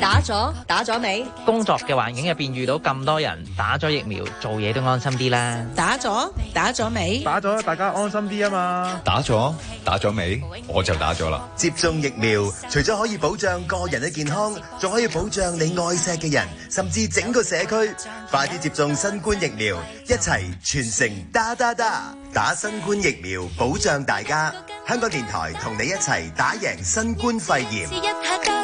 打咗打咗未？工作嘅環境入邊遇到咁多人打咗疫苗，做嘢都安心啲啦。打咗打咗未？打咗，大家安心啲啊嘛！打咗打咗未？我就打咗啦。接種疫苗，除咗可以保障個人嘅健康，仲可以保障你愛錫嘅人，甚至整個社區。快啲接種新冠疫苗，一齊全城打打打打打新冠疫苗，保障大家。香港電台同你一齊打贏新冠肺炎。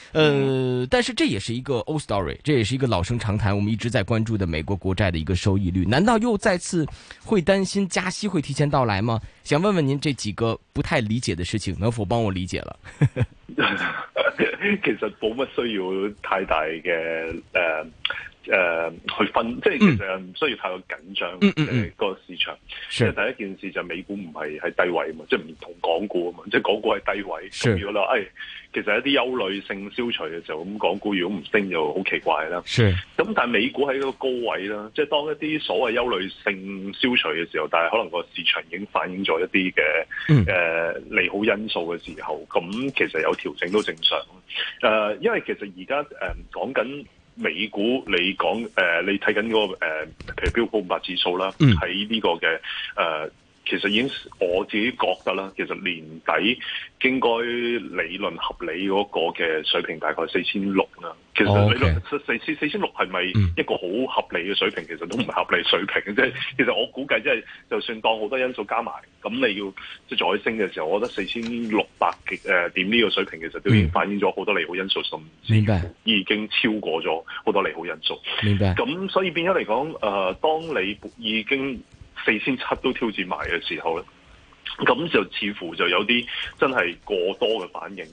呃，但是這也是一個 old story，這也是一個老生常談，我們一直在關注的美國國債的一個收益率，難道又再次會擔心加息會提前到來嗎？想問問您這幾個不太理解的事情，能否幫我理解了？ 其實冇乜需要太大嘅、呃呃，去分，即係其實唔需要太過緊張嘅、嗯呃、個市場。是其實第一件事就係美股唔係喺低位嘛，即係唔同港股啊嘛，即、就、係、是、港股係低位，如果話其實一啲憂慮性消除嘅時候，咁港股如果唔升就好奇怪啦。咁的但係美股喺一個高位啦，即係當一啲所謂憂慮性消除嘅時候，但係可能個市場已經反映咗一啲嘅誒利好因素嘅時候，咁其實有調整都正常。誒、呃，因為其實而家誒講緊美股，你講誒、呃、你睇緊嗰個誒譬如標普五百指數啦，喺呢、嗯、個嘅誒。呃其實已經我自己覺得啦，其實年底應該理論合理嗰個嘅水平大概四千六啦。其實理論四千六係咪一個好合理嘅水平？其實都唔係合理水平嘅。其實我估計即係就算當好多因素加埋，咁你要即再升嘅時候，我覺得四千六百嘅誒點呢個水平，其實都已經反映咗好多利好因素，甚至已經超過咗好多利好因素。咁所以變咗嚟講，誒，當你已經。四千七都挑戰埋嘅時候咧，咁就似乎就有啲真係過多嘅反應。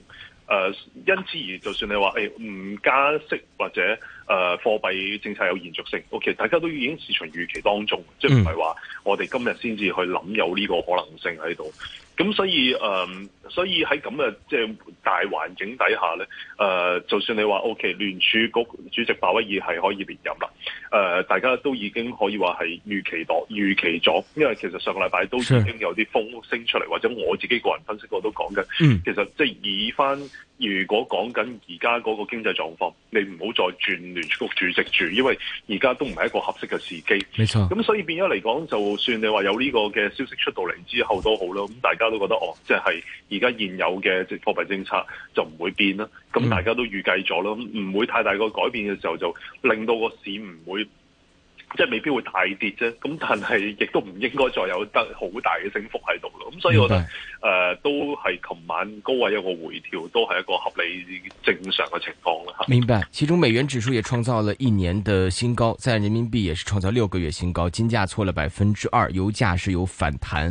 呃，因此而就算你話唔、欸、加息或者誒、呃、貨幣政策有延續性，OK，大家都已經市場預期當中，即係唔係話我哋今日先至去諗有呢個可能性喺度。咁所以誒，um, 所以喺咁嘅即係大環境底下咧，誒、呃，就算你話 O.K. 聯儲局主席鮑威爾係可以連任啦，誒、呃，大家都已經可以話係預期到、預期咗，因為其實上個禮拜都已經有啲風聲出嚟，的或者我自己個人分析過都講嘅，嗯、其實即係以翻，如果講緊而家嗰個經濟狀況，你唔好再轉聯儲局主席住，因為而家都唔係一個合適嘅時機，冇錯，咁所以變咗嚟講，就算你話有呢個嘅消息出到嚟之後都好啦，咁、嗯、大家。大家都覺得哦，即係而家現有嘅即係貨幣政策就唔會變啦。咁大家都預計咗啦，唔、嗯、會太大個改變嘅時候，就令到個市唔會即係、就是、未必會大跌啫。咁但係亦都唔應該再有得好大嘅升幅喺度咯。咁所以我覺得誒明白、呃，都係琴晚高位一個回調，都係一個合理正常嘅情況啦。明白。其中美元指數也創造了一年的新高，在岸人民幣也是創造六個月新高，金價挫了百分之二，油價是有反彈。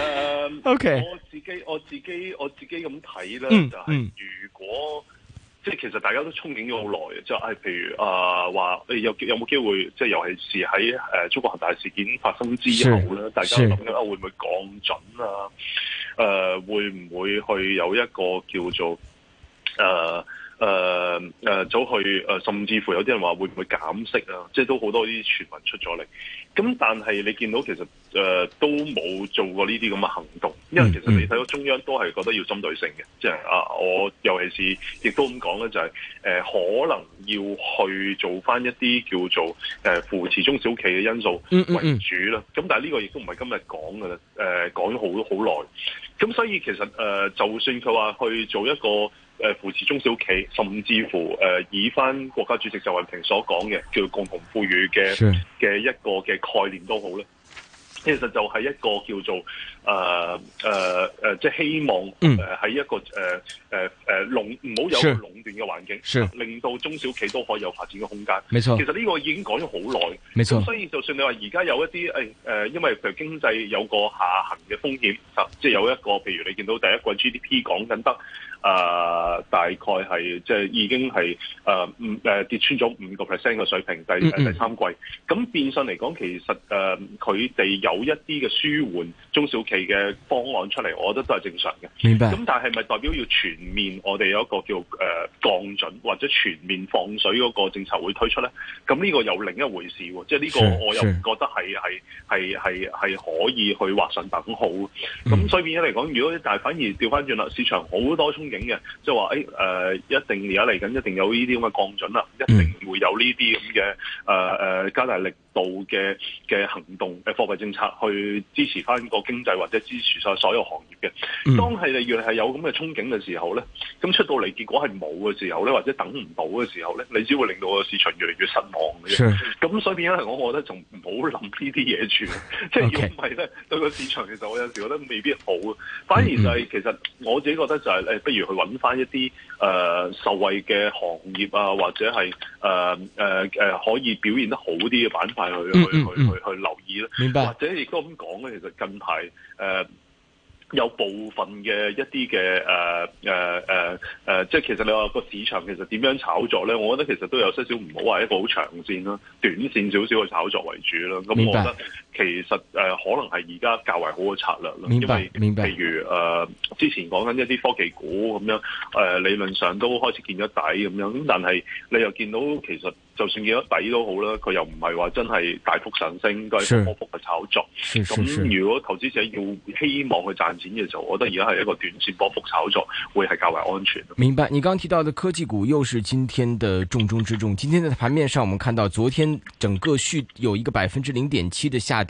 誒、uh，OK，我自己我自己我自己咁睇咧，嗯、就係如果、嗯、即係其實大家都憧憬咗好耐嘅，就係、是、譬如誒話、呃欸，有有冇機會，即係尤其是喺誒、呃、中國恒大事件發生之後咧，是大家諗咧啊，是會唔會降準啊？誒、呃，會唔會去有一個叫做誒？呃誒誒，走去誒，甚至乎有啲人話會唔會減息啊？即係都好多啲傳聞出咗嚟。咁但係你見到其實誒、呃、都冇做過呢啲咁嘅行動，因為其實你睇到中央都係覺得要針對性嘅，即係啊，我尤其是亦都咁講咧，就係、是、誒、呃、可能要去做翻一啲叫做誒、呃、扶持中小企嘅因素為主啦。咁、嗯嗯嗯、但係呢個亦都唔係今日講噶啦，誒講咗好好耐。咁所以其實誒、呃，就算佢話去做一個，誒扶持中小企，甚至乎誒、呃、以翻國家主席習近平所講嘅叫共同富裕嘅嘅 Sure. 一個嘅概念都好啦，其實就係一個叫做。誒誒誒，即係希望誒喺、呃、一個誒誒誒壟，唔好有壟斷嘅環境，令到中小企都可以有發展嘅空間。冇錯，其實呢個已經講咗好耐。冇錯，所以就算你話而家有一啲誒誒，因為譬如經濟有個下行嘅風險，即係有一個，譬如你見到第一季 GDP 講緊得誒、呃，大概係即係已經係誒五誒跌穿咗五個 percent 嘅水平，第、呃、第三季，咁變、嗯嗯、相嚟講，其實誒佢哋有一啲嘅舒緩中小。期嘅方案出嚟，我覺得都係正常嘅。明白。咁但係咪代表要全面，我哋有一個叫誒、呃、降準或者全面放水嗰個政策會推出咧？咁呢個又另一回事，即係呢個我又唔覺得係係係係係可以去畫上等號。咁、嗯、所以變咗嚟講，如果但係反而調翻轉啦，市場好多憧憬嘅，即係話誒誒，一定而家嚟緊一定有呢啲咁嘅降準啦，嗯、一定會有呢啲咁嘅誒誒加大力。度嘅嘅行動嘅貨幣政策去支持翻個經濟，或者支持晒所有行業嘅。當係越嚟越係有咁嘅憧憬嘅時候咧，咁、嗯、出到嚟結果係冇嘅時候咧，或者等唔到嘅時候咧，你只會令到個市場越嚟越失望嘅啫。咁的所以變咗嚟講，我，我覺得仲唔好諗呢啲嘢住。即係如果唔係咧，對個市場其實我有時覺得未必好。反而就係、是嗯、其實我自己覺得就係、是、誒、哎，不如去揾翻一啲誒、呃、受惠嘅行業啊，或者係誒誒誒可以表現得好啲嘅版。係、嗯嗯嗯、去去去去留意咧，明白。或者亦都咁講咧。其實近排誒、呃、有部分嘅一啲嘅誒誒誒誒，即係其實你話個市場其實點樣炒作咧？我覺得其實都有些少唔好話一個好長線啦，短線少少嘅炒作為主啦。咁我覺得。其實誒、呃，可能係而家較為好嘅策略咯。明白。譬為白如誒、呃，之前講緊一啲科技股咁樣，誒、呃，理論上都開始見咗底咁樣，咁但係你又見到其實就算見咗底都好啦，佢又唔係話真係大幅上升，應該係波幅嘅炒作。咁是如果投資者要希望去賺錢嘅時候，我覺得而家係一個短線波幅炒作會係較為安全。明白。你剛提到嘅科技股又是今天的重中之重。今天的盤面上，我們看到昨天整個續有一個百分之零點七嘅下跌，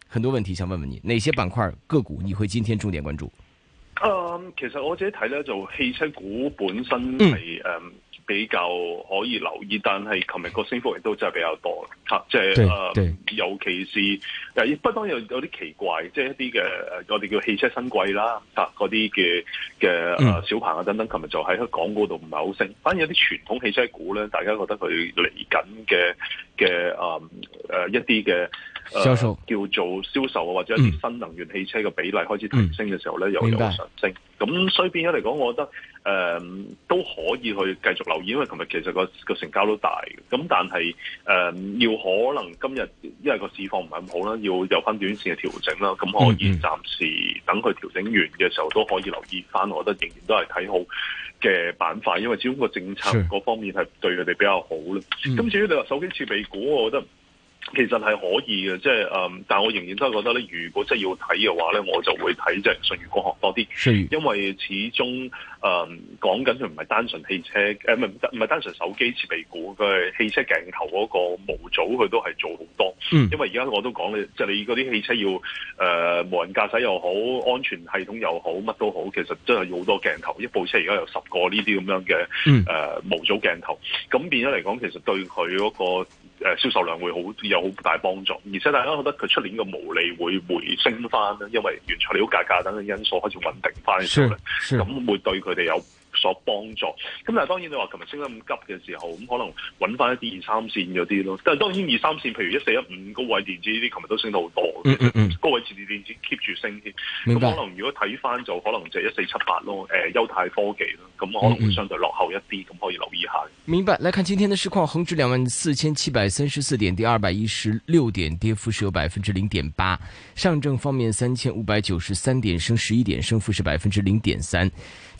很多問題想問問你，哪些板塊個股你會今天重點關注？啊、嗯，其實我自己睇咧就汽車股本身係誒、嗯、比較可以留意，但係琴日個升幅亦都真係比較多。即係誒，尤其是亦不當然有啲奇怪，即係一啲嘅我哋叫汽車新貴啦，嚇嗰啲嘅嘅小鵬啊等等，琴日就喺個廣告度唔係好升，反而有啲傳統汽車股咧，大家覺得佢嚟緊嘅嘅誒誒一啲嘅、呃、售叫做銷售啊，或者一啲新能源汽車嘅比例開始提升嘅時候咧，嗯、又有上升。咁白所以變咗嚟講，我覺得誒、呃、都可以去繼續留意，因為琴日其實個個成交都大咁，但係誒、呃、要。可能今日因為個市況唔係咁好啦，要有返短線嘅調整啦，咁可以暫時等佢調整完嘅時候都可以留意翻，我覺得仍然都係睇好嘅板塊，因為始終個政策嗰方面係對佢哋比較好啦。咁的至於你話手機設備股，我覺得。其實係可以嘅，即係誒、嗯，但係我仍然都係覺得咧，如果真係要睇嘅話咧，我就會睇即係舜宇光學多啲，是因為始終誒講緊佢唔係單純汽車誒，唔係唔係單純手機設備股，佢係汽車鏡頭嗰個模組，佢都係做好多。嗯、因為而家我都講咧，即係你嗰啲汽車要誒、呃、無人駕駛又好，安全系統又好，乜都好，其實真係要好多鏡頭，一部車而家有十個呢啲咁樣嘅誒、嗯呃、模組鏡頭，咁變咗嚟講，其實對佢嗰、那個。誒銷售量會好有好大幫助，而且大家覺得佢出年嘅毛利會回升翻啦，因為原材料價格等等因素開始穩定翻嘅時候，咁會對佢哋有所幫助，咁但係當然你話琴日升得咁急嘅時候，咁可能揾翻一啲二三線嗰啲咯。但係當然二三線，譬如一四一五高位電子呢啲，琴日都升得好多。嗯嗯，高位電子電子 keep 住升添。明白。咁可能如果睇翻就可能就一四七八咯，誒優泰科技咯，咁可能會相對落後一啲，咁、嗯嗯、可以留意下。明白。來看今天的市況，恒指兩萬四千七百三十四點，跌二百一十六點，跌幅是有百分之零點八。上證方面三千五百九十三點，升十一點，升幅是百分之零點三。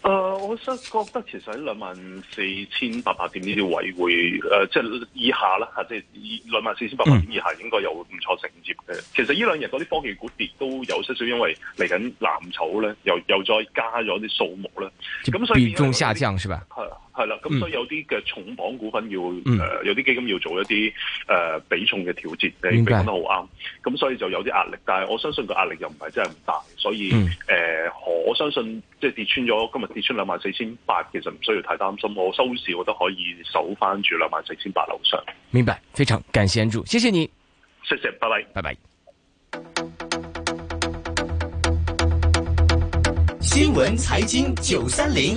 誒、呃，我想覺得其實喺兩萬四千八百點呢啲位會誒，即、呃、係、就是、以下啦吓，即係二兩萬四千八百點以下應該又唔錯承接嘅。嗯、其實呢兩日嗰啲科技股跌都有少少，因為嚟緊藍籌咧，又又再加咗啲數目咧，咁所以比重下降係咪？係係啦，咁、啊啊嗯、所以有啲嘅重磅股份要誒、嗯呃，有啲基金要做一啲誒、呃、比重嘅調節。你講白得好啱，咁所以就有啲壓力，但係我相信個壓力又唔係真係咁大，所以誒、嗯呃，我相信。即係跌穿咗，今日跌穿兩萬四千八，其實唔需要太擔心。我收市我都可以守翻住兩萬四千八樓上。明白，非常感謝安住，謝謝你，謝謝，拜拜，拜拜。新聞財經九三零。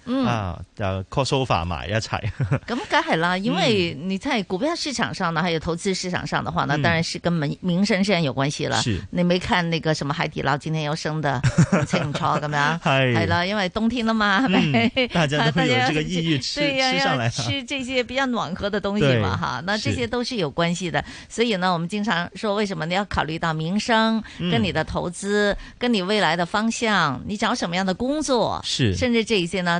嗯啊，就 crossover 埋一齊。咁梗係啦，因為你在股票市場上呢，還有投資市場上的話，呢當然是跟民民生上有關係啦。你沒看那個什麼海底撈今天又升的，唔錯咁樣。係係啦，因為冬天了嘛，大家都會有這個抑鬱，對呀，要吃這些比較暖和的東西嘛，哈。那這些都是有關係的。所以呢，我們經常說，為什麼你要考慮到民生，跟你的投資，跟你未來的方向，你找什麼樣的工作，是甚至這一些呢？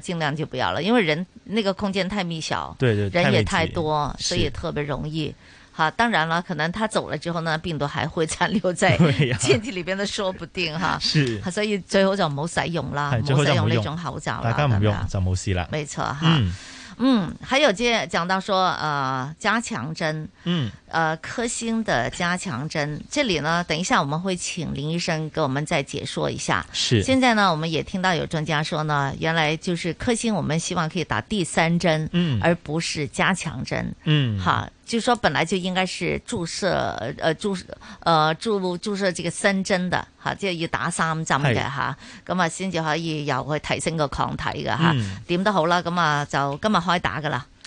盡量就不要了，因為人那個空間太密小，對對，人也太多，所以特別容易。好，當然了，可能他走了之後呢，病毒還會殘留在身體裏邊的，說不定哈。是，所以最後就唔好使用啦，唔好使用呢種口罩啦。大家唔用就冇事啦，沒錯哈。嗯，還有接講到說呃加強針，嗯。呃科興的加強針，這裏呢，等一下我們會請林醫生給我們再解說一下。是，現在呢，我們也聽到有專家說呢，原來就是科興，我們希望可以打第三針，嗯，而不是加強針，嗯，哈，就說本來就應該是注射，呃，注射，呃，注注射這個三針的，一三三嘿哈，即係要三打三針的。哈，咁啊先至可以有去提升個抗體嘅，哈，點都好啦，咁啊就今日開打噶啦。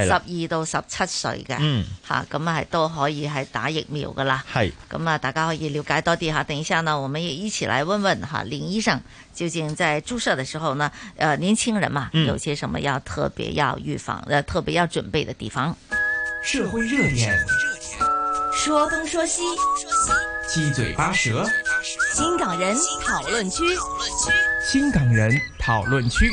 十二到十七歲嘅，嚇咁、 嗯、啊，係都可以係打疫苗嘅啦。係咁啊，大家可以了解多啲嚇。等一下呢，我哋一齊嚟問問嚇、啊、林醫生，究竟在注射的時候呢，誒、呃，年輕人嘛，有些什麼要特別要預防，誒、嗯呃、特別要準備的地方？社會熱點，說東說西，七嘴八舌，新港人討論區，新港人討論區。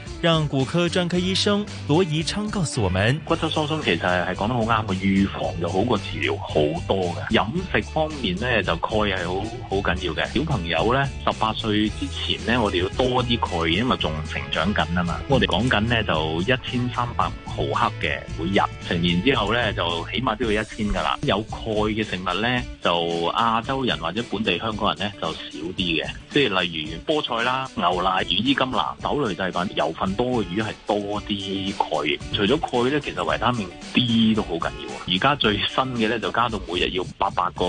讓骨科專科醫生羅宜昌告訴我們：骨質疏鬆其實係講得好啱嘅，預防就好過治療好多嘅。飲食方面咧，就鈣係好好緊要嘅。小朋友咧，十八歲之前咧，我哋要多啲鈣，因為仲成長緊啊嘛。我哋講緊咧就一千三百毫克嘅每日，成年之後咧就起碼都要一千噶啦。有鈣嘅食物咧，就亞洲人或者本地香港人咧就少啲嘅，即係例如菠菜啦、牛奶、羽衣甘藍、豆類製品有分。多嘅魚係多啲鈣，除咗鈣呢，其實維他命 D 都好緊要啊！而家最新嘅呢，就加到每日要八百個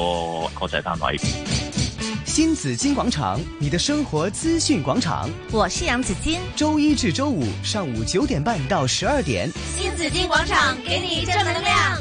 國際單位。新紫荊廣場，你的生活資訊廣場，我是楊子矜，周一至周五上午九點半到十二點，新紫荊廣場給你正能量。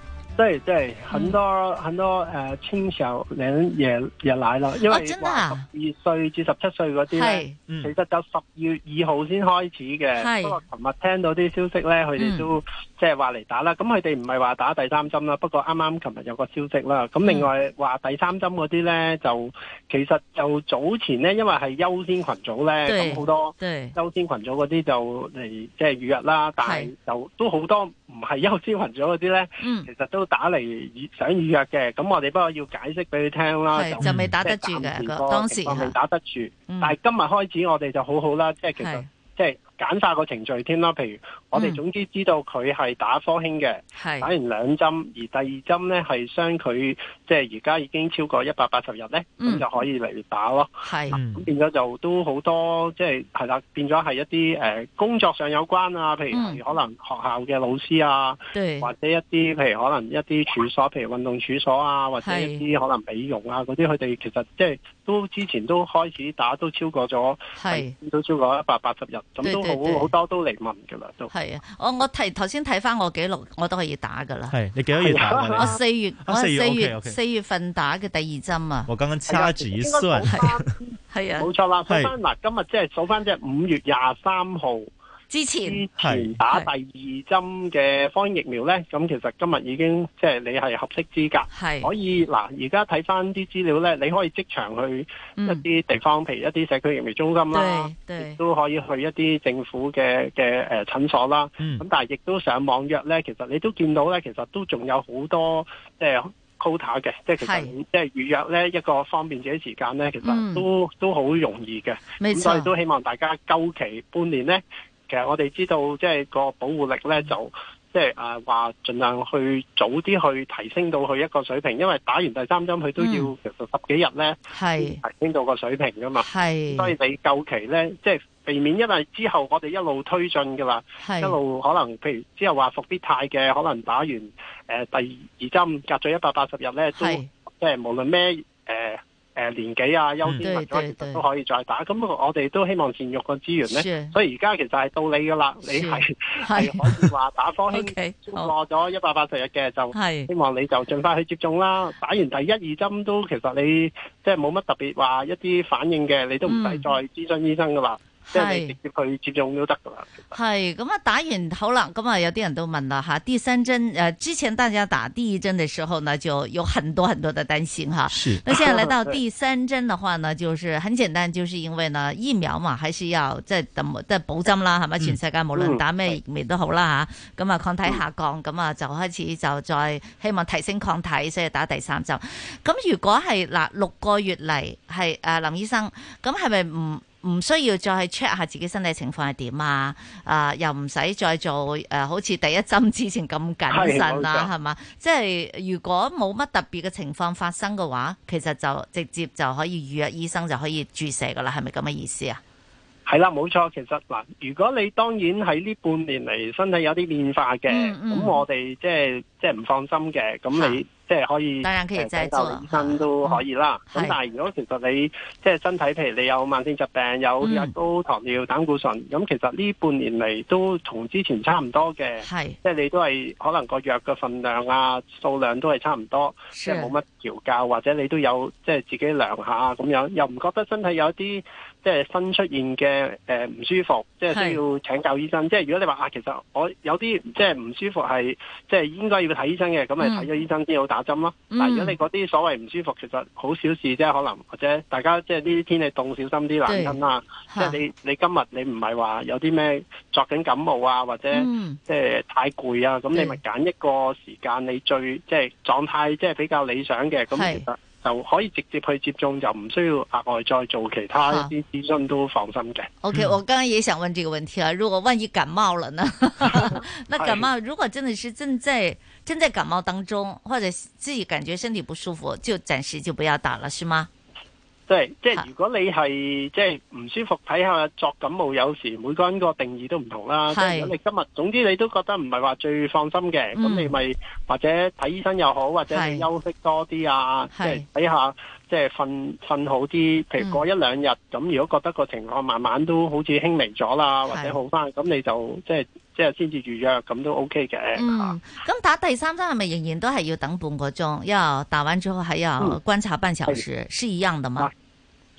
即係即係，很多、嗯、很多誒，青、呃、少年、夜夜奶咯，因為話十二歲至十七歲嗰啲咧，哦、其實就十月二號先開始嘅。是不過琴日聽到啲消息咧，佢哋都即係話嚟打啦。咁佢哋唔係話打第三針啦，不過啱啱琴日有個消息啦。咁另外話第三針嗰啲咧，就其實就早前咧，因為係優先群組咧，咁好對多優先群組嗰啲就嚟即係預約啦。但係就都好多。唔係優先群組嗰啲咧，呢嗯、其實都打嚟想預約嘅。咁我哋不過要解釋俾你聽啦。是就未不打得住嘅、那個情況 當時未打得住，嗯、但係今日開始我哋就好好啦，即、就、係、是、其實即是、就是簡化個程序添啦，譬如我哋總之知道佢係打科興嘅，嗯、打完兩針，而第二針咧係相佢即係而家已經超過一百八十日咧，咁、嗯、就可以嚟打咯。係是、啊，變咗就都好多，即係係啦，變咗係一啲誒、呃、工作上有關啊，譬如可能學校嘅老師啊，嗯、對或者一啲譬如可能一啲處所，譬如運動處所啊，是或者一啲可能美容啊嗰啲，佢哋其實即、就、係、是。都之前都開始打都超過咗，係都超過一百八十日，咁都好好多都嚟問㗎喇，都係啊！我我睇頭先睇翻我記錄，我都可以打㗎喇。係你幾多月打？我四月，我四月四月份打嘅第二針啊！我剛剛叉住衰，係啊，冇錯啦。翻嗱，今日即係數翻即係五月廿三號。之前，之前打第二針嘅方疫苗咧，咁其實今日已經即係你係合適資格，可是以嗱。而家睇翻啲資料咧，你可以即場去一啲地方，譬、嗯、如一啲社區疫苗中心啦，亦都可以去一啲政府嘅嘅誒診所啦。咁、嗯、但係亦都上網約咧，其實你都見到咧，其實都仲有好多、呃、是即係 quota 嘅，即係其實即係預約咧一個方便自己時間咧，其實都、嗯、都好容易嘅。錯所以都希望大家週期半年咧。其實我哋知道，即、就、係、是、個保護力咧，就即係誒話盡量去早啲去提升到去一個水平，因為打完第三針佢都要十十幾日咧，係、嗯、提升到個水平噶嘛係是，所以你夠期咧，即、就、係、是、避免因為之後我哋一路推進嘅話，是一路可能譬如之後話復必泰嘅，可能打完誒、呃、第二針，隔咗一百八十日咧，是都即係、就是、無論咩誒。呃誒、呃，年紀啊，優先其實都可以再打。咁我哋都希望善用個資源呢。的所以而家其實係到你噶啦，你係係可以話打科興過咗一百八十日嘅，就希望你就盡快去接種啦。的打完第一 二針都其實你即係冇乜特別話一啲反應嘅，你都唔使再諮詢醫生噶啦。嗯即係直接去接種都得噶啦。係咁啊，行咁打完好啦。咁啊，有啲人都問啦吓，第三針誒、呃，之前大家打第二針嘅時候，呢，就有很多很多嘅擔心哈。是。咁現在嚟到第三針嘅話呢，是就是很簡單，就是因為呢疫苗嘛，還是要再打再補針啦，係咪、嗯？全世界無論打咩疫苗都好啦吓。咁、嗯、啊，抗體下降，咁啊就開始就再希望提升抗體，所以打第三針。咁如果係嗱，六個月嚟係誒林醫生，咁係咪唔？唔需要再 check 下自己身體情況係點啊？啊，又唔使再做誒、啊，好似第一針之前咁謹慎啊？係嘛，係嘛？即係如果冇乜特別嘅情況發生嘅話，其實就直接就可以預約醫生就可以注射噶啦，係咪咁嘅意思啊？係啦，冇錯。其實嗱，如果你當然喺呢半年嚟身體有啲變化嘅，咁、嗯嗯、我哋即係即係唔放心嘅。咁的你即係可以，當然可以睇醫生都可以啦。咁、嗯、但係如果其實你即係、就是、身體，譬如你有慢性疾病、有血壓高糖尿、膽、嗯、固醇，咁其實呢半年嚟都同之前差唔多嘅。係即係你都係可能個藥嘅分量啊、數量都係差唔多，即係冇乜調教，或者你都有即係、就是、自己量下咁樣，又唔覺得身體有啲。即係新出現嘅誒唔舒服，即係需要請教醫生。即係如果你話啊，其實我有啲即係唔舒服係即係應該要睇醫生嘅，咁咪睇咗醫生先好打針咯。但係如果你嗰啲所謂唔舒服，其實好小事啫，即係可能或者大家即係呢啲天氣凍，小心啲冷親啦。即係你你今日你唔係話有啲咩作緊感冒啊，或者即係太攰啊，咁你咪揀一個時間你最即係狀態即係比較理想嘅咁，其實。就可以直接去接種，就唔需要額外再做其他一啲諮詢都放心嘅。OK，我剛剛也想問這個問題啊：如果萬一感冒了呢？ 那感冒 如果真的是正在 正在感冒當中，或者自己感覺身體不舒服，就暫時就不要打了，是嗎？即係即係，如果你係即係唔舒服，睇下作感冒，有時每個人個定義都唔同啦。是即係你今日，總之你都覺得唔係話最放心嘅，咁、嗯、你咪或者睇醫生又好，或者休息多啲啊，即係睇下即係瞓瞓好啲。譬如過一兩日，咁、嗯、如果覺得個情況慢慢都好似輕微咗啦，是或者好翻，咁你就即係即係先至預約，咁都 O K 嘅。咁、嗯啊嗯、打第三針係咪仍然都係要等半個鐘？要打完之後還要觀察半小時，嗯、是一樣的嗎？嗯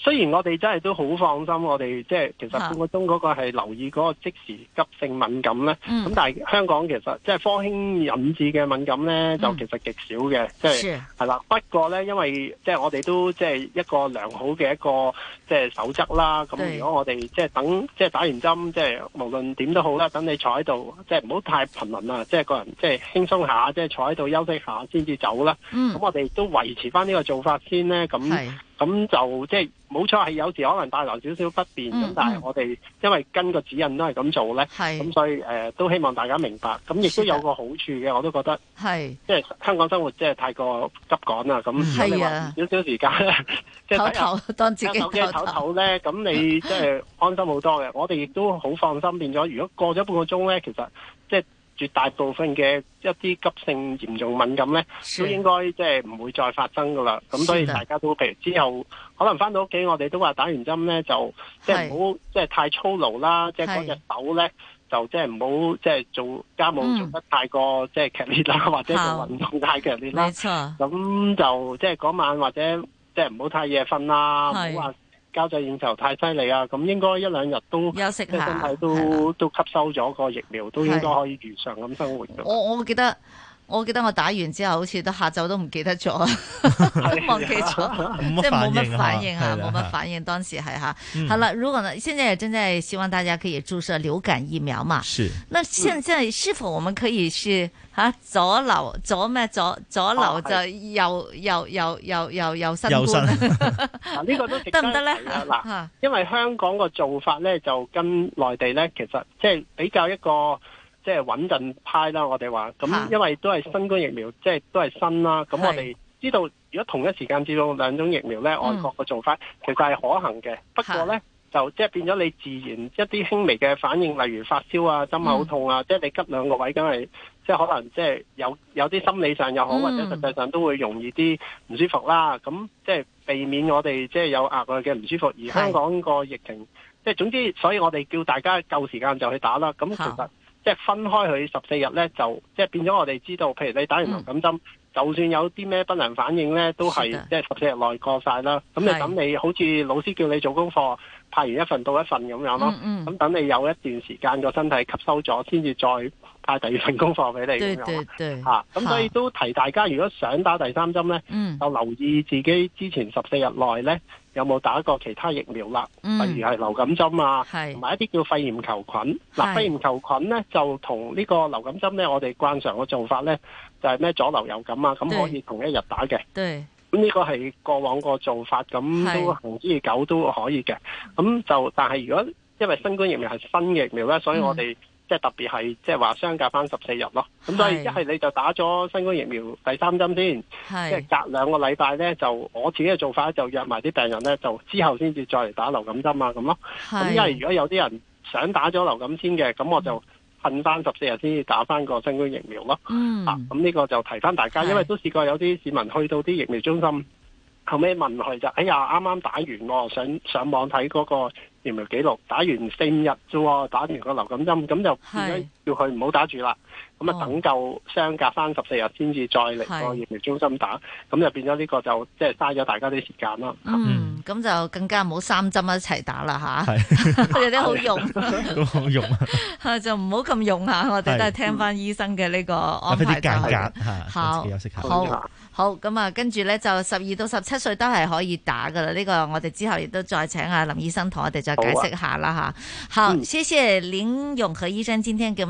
雖然我哋真係都好放心，我哋即係其實半個鐘嗰個係留意嗰個即時急性敏感咧。咁、嗯、但係香港其實即係科興引致嘅敏感咧，就其實極少嘅，即係係啦。不過咧，因為即係、就是、我哋都即係一個良好嘅一個即係、就是、守則啦。咁如果我哋即係等即係、就是、打完針，即、就、係、是、無論點都好啦，等你坐喺度，即係唔好太頻繁啦。即、就、係、是、個人即係輕鬆下，即、就、係、是、坐喺度休息下先至走啦。咁、嗯、我哋都維持翻呢個做法先咧。咁。咁就即係冇錯，係有時可能帶來少少不便，咁、嗯、但係我哋因為跟個指引都係咁做咧，咁是所以誒、呃、都希望大家明白，咁亦都有個好處嘅，我都覺得，的即係香港生活即係太過急趕啦，咁的你話少少時間咧，的 即係唞唞當自己唞唞咧，咁你即係安心好多嘅。 我哋亦都好放心，變咗如果過咗半個鐘咧，其實即係。絕大部分嘅一啲急性嚴重敏感咧，的都應該即係唔會再發生噶啦。咁所以大家都譬如之後可能返到屋企，我哋都話打完針咧就即係唔好即係太操勞啦，即係嗰隻手咧就即係唔好即係做家務做得太過即係劇烈啦，的或者做運動太劇烈啦。咁的就即係嗰晚或者即係唔好太夜瞓啦，好交際應酬太犀利啊！咁應該一兩日都休息下，身體都的都吸收咗個疫苗，的都應該可以如常咁生活。我我記得。我記得我打完之後，好似都下晝都唔記得咗，都忘記咗，即係冇乜反應吓，冇乜反應、啊、當時係吓。係啦、嗯，如果呢，現在正在希望大家可以注射流感疫苗嘛。是。那現在是否我們可以是啊左流左咩左左流就右、啊、右、右、右、右、右、右新、右新冠？右新。嗱，呢個都得唔得咧？嗱，因為香港個做法咧，就跟內地咧，其實即係比較一個。即係穩陣派啦，我哋話咁，因為都係新冠疫苗，是即係都係新啦、啊。咁我哋知道，如果同一時間接種兩種疫苗咧，是外國嘅做法其實係可行嘅。是不過咧，就即係變咗你自然一啲輕微嘅反應，例如發燒啊、針口痛啊，是即係你急兩個位，梗係即係可能即係有有啲心理上又好，是或者實際上都會容易啲唔舒服啦。咁即係避免我哋即係有額外嘅唔舒服。而香港個疫情，是即係總之，所以我哋叫大家夠時間就去打啦。咁其實。即係分開佢十四日呢，就即係變咗我哋知道，譬如你打完流感針，嗯、就算有啲咩不良反應呢，都係的即係十四日內過晒啦。咁就等你的好似老師叫你做功課，派完一份到一份咁樣咯。咁、嗯嗯、等你有一段時間個身體吸收咗，先至再派第二份功課俾你咁樣。吓，咁、啊、的所以都提大家，如果想打第三針呢，嗯、就留意自己之前十四日內呢。有冇打過其他疫苗啦？例如係流感針啊，同埋、嗯、一啲叫肺炎球菌。嗱是、啊，肺炎球菌呢，就同呢個流感針呢，我哋慣常嘅做法呢，就係咩左流右感啊，咁對可以同一日打嘅。咁呢個係過往個做法，咁都行之久都可以嘅。咁、嗯、就但係如果因為新冠疫苗係新嘅疫苗呢，所以我哋。即係特別係即係話相隔翻十四日咯，咁是所以一係你就打咗新冠疫苗第三針先，即係是隔兩個禮拜呢，就我自己嘅做法就約埋啲病人呢，就之後先至再嚟打流感針啊咁咯，咁因為如果有啲人想打咗流感先嘅，咁我就瞓翻十四日先至打翻個新冠疫苗咯，咁呢、嗯啊、個就提翻大家，是因為都試過有啲市民去到啲疫苗中心，後尾問佢就：哎呀，啱啱打完、哦，想上，上網睇嗰、嗰個。疫苗記錄，打完四五日啫喎，打完個流感針咁就。叫佢唔好打住啦，咁啊，等夠相隔翻十四日，先至再嚟個疫苗中心打，咁就變咗呢個就即係嘥咗大家啲時間啦。嗯，咁就更加唔好三針一齊打啦吓，有啲好勇，都好勇，啊！就唔好咁勇。吓，我哋都係聽翻醫生嘅，呢個安排。好，好咁啊，跟住咧就十二到十七歲都係可以打噶啦，呢個我哋之後亦都再請阿林醫生同我哋再解釋下啦吓。好，謝謝林永和醫生，今天嘅。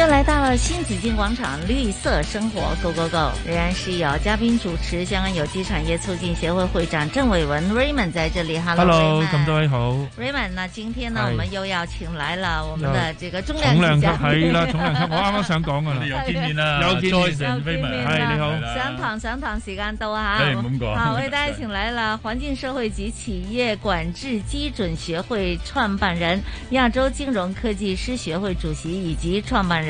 又來到了新紫荊廣場，綠色生活 Go Go Go，仍然是有嘉賓主持，香港有機產業促進協會會長鄭偉文 Raymond 在這裡。Hello，咁多位好，Raymond 那今天呢，我們又要請來了我們的這個重量級嘉賓。重量級係啦，重量級，我啱啱想講啊，又見面啦，又見面 Raymond，係你好，上堂上堂時間到啊，係咁講，好，我哋大家請來了環境社會及企業管治基準學會創辦人，亞洲金融科技師學會主席以及創辦人。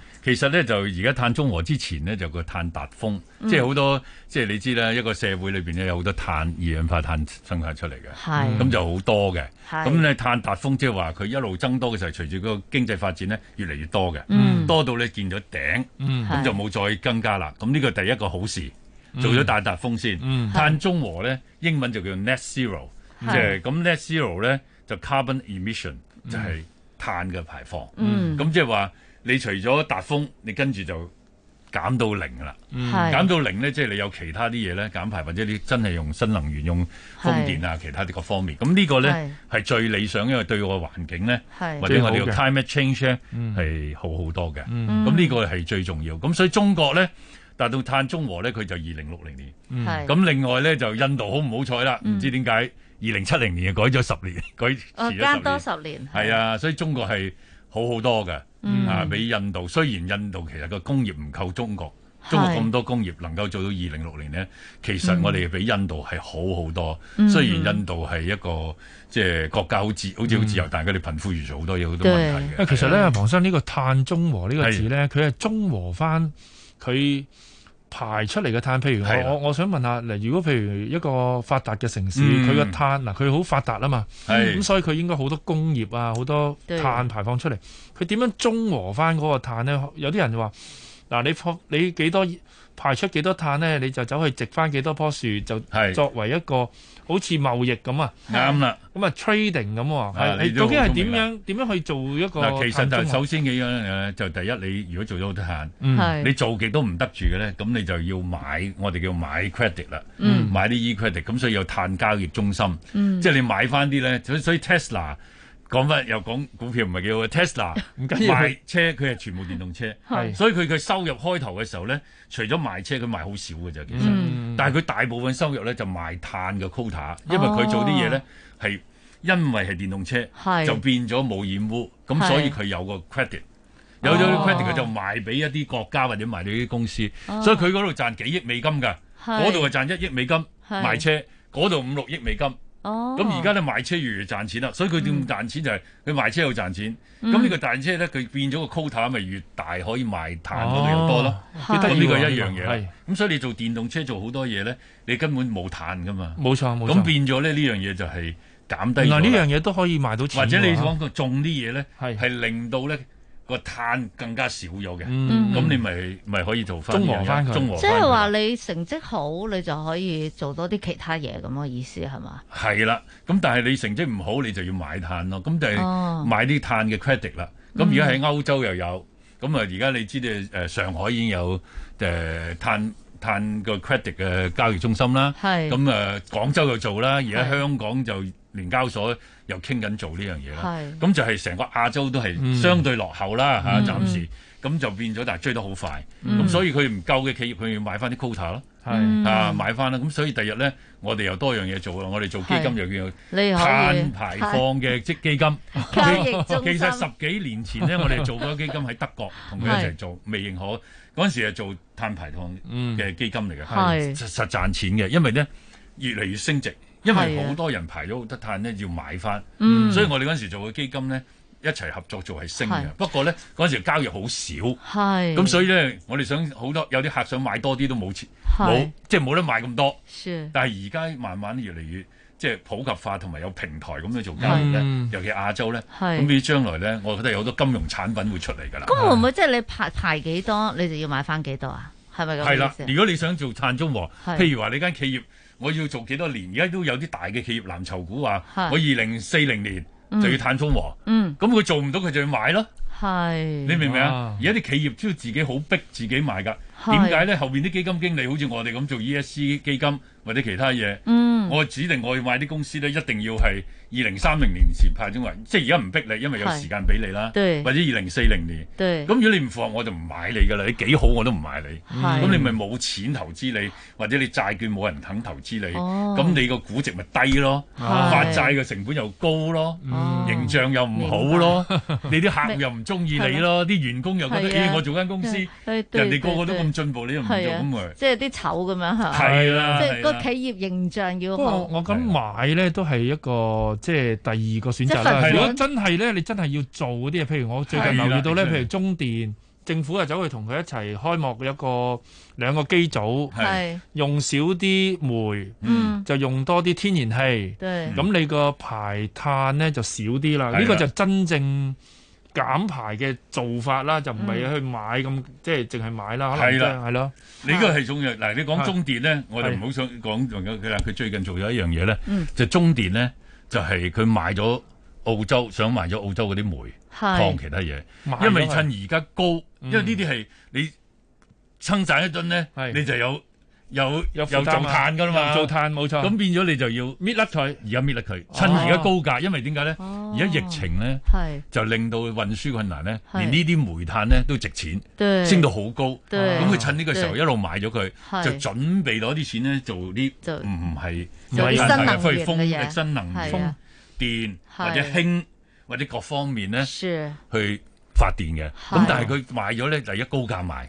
其實咧就而家碳中和之前咧就叫碳達峰，即係好多即係你知啦，一個社會裏面咧有好多碳二氧化碳生產出嚟嘅，咁就好多嘅。咁咧碳達峰即係話佢一路增多嘅時候，隨住個經濟發展咧越嚟越多嘅，多到咧見咗頂，咁就冇再增加啦。咁呢個第一個好事，做咗碳達峰先。碳中和咧英文就叫 Net Zero，即係咁 Net Zero 咧就 carbon emission 就係碳嘅排放。咁即係話。你除咗達峰，你跟住就減到零啦。減到零咧，即係你有其他啲嘢咧減排，或者你真係用新能源、用風電啊，其他啲各方面。咁呢個咧係最理想，因為對個環境咧，或者我哋嘅 climate change 咧係好好多嘅。咁呢個係最重要。咁所以中國咧，達到碳中和咧，佢就二零六零年。咁另外咧就印度好唔好彩啦？唔知點解二零七零年改咗十年，改遲咗十年。係啊，所以中國係好好多嘅。嗯啊，比印度，雖然印度其實個工業唔夠中國，中國咁多工業能夠做到二零六年咧，是其實我哋比印度係好好多。嗯、雖然印度係一個即係、呃、國家好自，好似好自由，嗯、但係佢哋貧富懸殊好多嘢好多問題嘅。對啊、其實咧，龐生呢個碳中和呢個字咧，佢係是中和返佢。排出嚟嘅碳，譬如的我，我想問下，嗱，如果譬如一個發達嘅城市，佢個碳嗱，佢好發達啊嘛，咁的、嗯、所以佢應該好多工業啊，好多碳排放出嚟，佢點的樣中和翻嗰個碳咧？有啲人就話，嗱，你放你幾多？排出幾多碳咧，你就走去植翻幾多棵樹就係作為一個是好似貿易咁了啊，啱啦。咁啊 trading 咁啊，究竟係點樣點樣去做一個？嗱，其實就首先幾樣就、第一你如果做咗好多碳，嗯、你做極都唔得住嘅咧，咁你就要買我哋叫買 credit 啦，嗯、買啲 E credit，咁所以有碳交易中心，即係、嗯、你買翻啲咧，所以 Tesla。講返又講股票唔係幾好 Tesla 賣車，佢係全部電動車，是所以佢佢收入開頭嘅時候咧，除咗賣車佢賣好少㗎咋其實，嗯、但係佢大部分收入咧就賣碳嘅 quota，因為佢做啲嘢咧係因為係電動車、哦、就變咗冇染污，咁是所以佢有個 credit，有咗 credit 佢就賣俾一啲國家或者賣到啲公司，哦、所以佢嗰度賺幾億美金㗎。嗰度係賺一億美金賣車，嗰度五六億美金。哦，咁而家咧賣車越嚟賺錢啦，所以佢點賺錢就係佢賣車又賺錢，咁呢、嗯、個大車咧佢變咗個 quota 咪越大，越大可以賣碳嘅越多咯，呢個一樣嘢。咁所以你做電動車做好多嘢咧，你根本冇碳噶嘛，冇錯冇錯。咁變咗咧呢樣嘢、這個、就係減低。嗱呢樣嘢都可以賣到錢、啊，或者你講到種啲嘢咧，係是令到咧。個碳更加少咗嘅，咁、嗯嗯嗯、你咪咪可以做翻，中和翻佢。即係話你成績好，你就可以做多啲其他嘢咁嘅意思係嘛？係啦，咁但係你成績唔好，你就要買碳咯，咁、哦、就係買啲碳嘅 credit 啦。咁而家喺歐洲又有，咁啊而家你知道誒上海已經有誒碳碳個 credit 嘅交易中心啦，咁啊廣州又做啦，而家係香港就聯交所。又傾緊做呢樣嘢啦，咁是就係成個亞洲都係相對落後啦嚇，暫、嗯啊、時咁就變咗，但係追得好快，咁、嗯啊、所以佢唔夠嘅企業佢要買翻啲 quota 咯，係啊買翻啦，咁所以第日咧我哋又多樣嘢做啊，我哋做基金又叫碳排放嘅即基金，其實十幾年前咧我哋做嗰基金喺德國同佢一齊做， 是未認可嗰陣時係做碳排放嘅基金嚟嘅是是，實實賺錢嘅，因為咧越嚟越升值。因為好多人排咗好得碳咧，要買翻，所以我哋嗰陣時做嘅基金咧，一齊合作做係升嘅。不過咧，嗰陣時交易好少，咁所以咧，我哋想好多有啲客想買多啲都冇錢，冇即係冇得買咁多。但係而家慢慢越嚟越即係普及化，同埋有平台咁樣做交易咧，尤其亞洲咧，咁至於將來咧，我覺得有好多金融產品會出嚟㗎啦。咁會唔會即係你排排幾多，你就要買翻幾多啊？係咪咁？係啦，如果你想做碳中和，譬如話你間企業。我要做幾多年？而家都有啲大嘅企業藍籌股話，我二零四零年就要碳中和。嗯，咁、嗯、佢做唔到，佢就要買咯。係是，你明唔明啊？而家啲企業都要自己好逼自己買㗎。點解咧？後面啲基金經理好似我哋咁做 E S G 基金或者其他嘢，嗯、我指定我要買啲公司咧，一定要係。二零三零年前碳中和，即係而家唔逼你，因為有時間俾你啦，或者二零四零年。咁如果你唔符合，我就唔買你㗎啦。你幾好我都唔買你，咁你咪冇錢投資你，或者你債券冇人肯投資你，咁你個估值咪低咯，發債嘅成本又高咯，形象又唔好咯，你啲客戶又唔中意你咯，啲員工又覺得，咦，我做間公司，人哋個個都咁進步，你又唔做咁啊，即係啲醜咁樣嚇，即係個企業形象要好。我咁買咧都係一個。即係第二個選擇啦。如果真係咧，你真係要做嗰啲嘢，譬如我最近留意到咧，譬如中電，政府就走去同佢一齊開幕一個兩個機組，係用少啲煤，嗯，就用多啲天然氣，對，咁你個排碳咧就少啲啦。呢個就真正減排嘅做法啦，就唔係去買咁即係淨係買啦。可能係啦，係咯。你個係重要。嗱，你講中電咧，我哋唔好想講仲有佢啦。佢最近做咗一樣嘢咧，就中電咧。就係佢買咗澳洲，想買咗澳洲嗰啲煤、礦是其他嘢，因為趁而家高，因為呢啲係你撐晒一噸咧，嗯、你就有。有有有做碳噶啦嘛，做碳冇錯。咁變咗你就要搣甩佢，而家搣甩佢。趁而家高價，因為點解咧？而家疫情咧，就令到運輸困難咧，連呢啲煤炭咧都值錢，升到好高。咁佢趁呢個時候一路買咗佢，就準備攞啲錢咧做啲唔係有啲新能源嘅嘢，新能源、風電或者氫或者各方面咧去。發電嘅，咁但係佢賣咗咧，第一高價賣，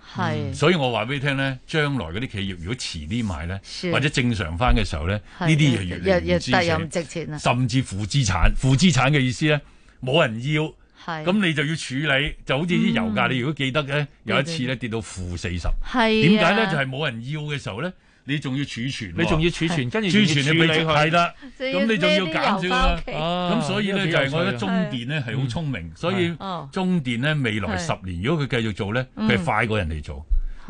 是所以我話俾你聽咧，將來嗰啲企業如果遲啲賣咧，是或者正常翻嘅時候咧，呢啲嘢越嚟越唔值錢，甚至負資產，負資產嘅意思咧，冇人要，咁是你就要處理，就好似啲油價，嗯、你如果記得咧，有一次咧跌到負四十，點解咧就係、是、冇人要嘅時候咧？你仲要儲存，你仲要儲存，跟住儲存你咪積，係啦。咁你仲要減少啦。咁所以咧就係我覺得中電咧係好聰明，所以中電咧未來十年如果佢繼續做咧，佢係快過人哋做。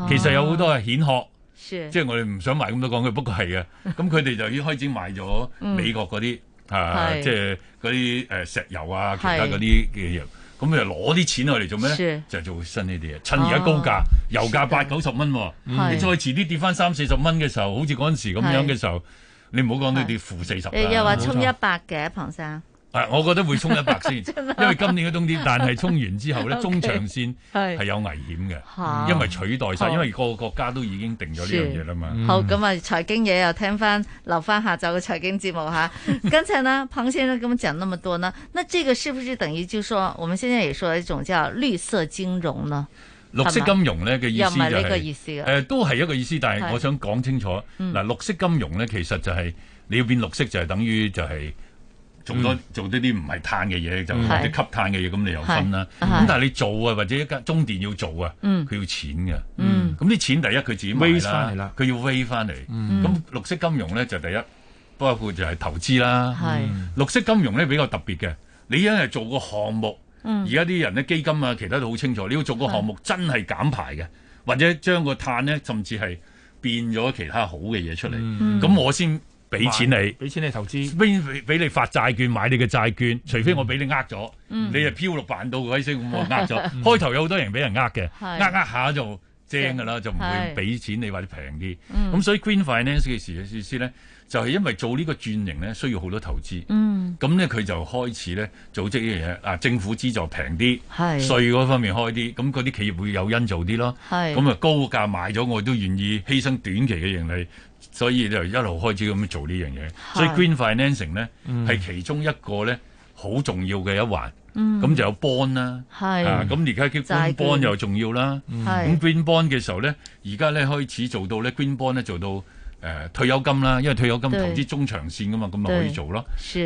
其實有好多係顯學，即係我哋唔想買咁多講嘅，不過係啊。咁佢哋就已經開始買咗美國嗰啲啊，即係嗰啲誒石油啊，其他嗰啲嘅嘢。咁你又攞啲錢落嚟做咩咧？是就做新呢啲嘢，趁而家高價，哦、油價八九十蚊，的嗯、你再遲啲跌翻三四十蚊嘅時候，的好似嗰陣時咁樣嘅時候，的你唔好講都跌負四十。又話衝一百嘅，錯龐生。啊，我覺得會衝一百先，因為今年嘅冬天，但係衝完之後咧，中長線係有危險嘅，因為取代晒，因為個個國家都已經定咗呢樣嘢啦嘛。好咁啊，財經嘢又聽翻，留翻下晝嘅財經節目吓。跟住呢，龐先生咁講咁多呢？那這個是不是等於，就是說，我們現在也說一種叫綠色金融呢？綠色金融呢嘅意思就係，誒都係一個意思，但係我想講清楚。嗱，綠色金融呢，其實就係你要變綠色，就係等於就係。做多做啲啲唔係碳嘅嘢，就或者吸碳嘅嘢，咁你又分啦。咁但係你做啊，或者一間中電要做啊，佢要錢嘅。咁啲錢第一佢自己賣啦，佢要 raise 返嚟。咁綠色金融咧就第一，包括就係投資啦。綠色金融咧比較特別嘅，你因為做個項目，而家啲人咧基金啊，其他都好清楚。你要做個項目真係減排嘅，或者將個碳咧甚至係變咗其他好嘅嘢出嚟，咁我先，俾錢你，俾錢你投資，邊俾你發債券買你嘅債券？除非我俾你呃咗，你啊飄六板到鬼死咁我呃咗。開頭有好多人俾人呃嘅，呃呃下就正噶啦，就唔會俾錢你或者平啲。咁所以 Green Finance 嘅時事師咧，就係因為做呢個轉型咧需要好多投資。咁咧佢就開始咧組織呢樣嘢啊，政府資助平啲，稅嗰方面開啲，咁嗰啲企業會有因做啲咯。咁啊高價買咗，我都願意犧牲短期嘅盈利。所以就一路開始咁做呢樣嘢，所以 green financing 咧係其中一個咧好重要嘅一環。咁就有 bond 啦，啊咁而家叫 green bond 又重要啦。咁 green bond 嘅時候咧，而家咧開始做到咧 green bond 咧做到誒退休金啦，因為退休金投資中長線噶嘛，咁咪可以做咯。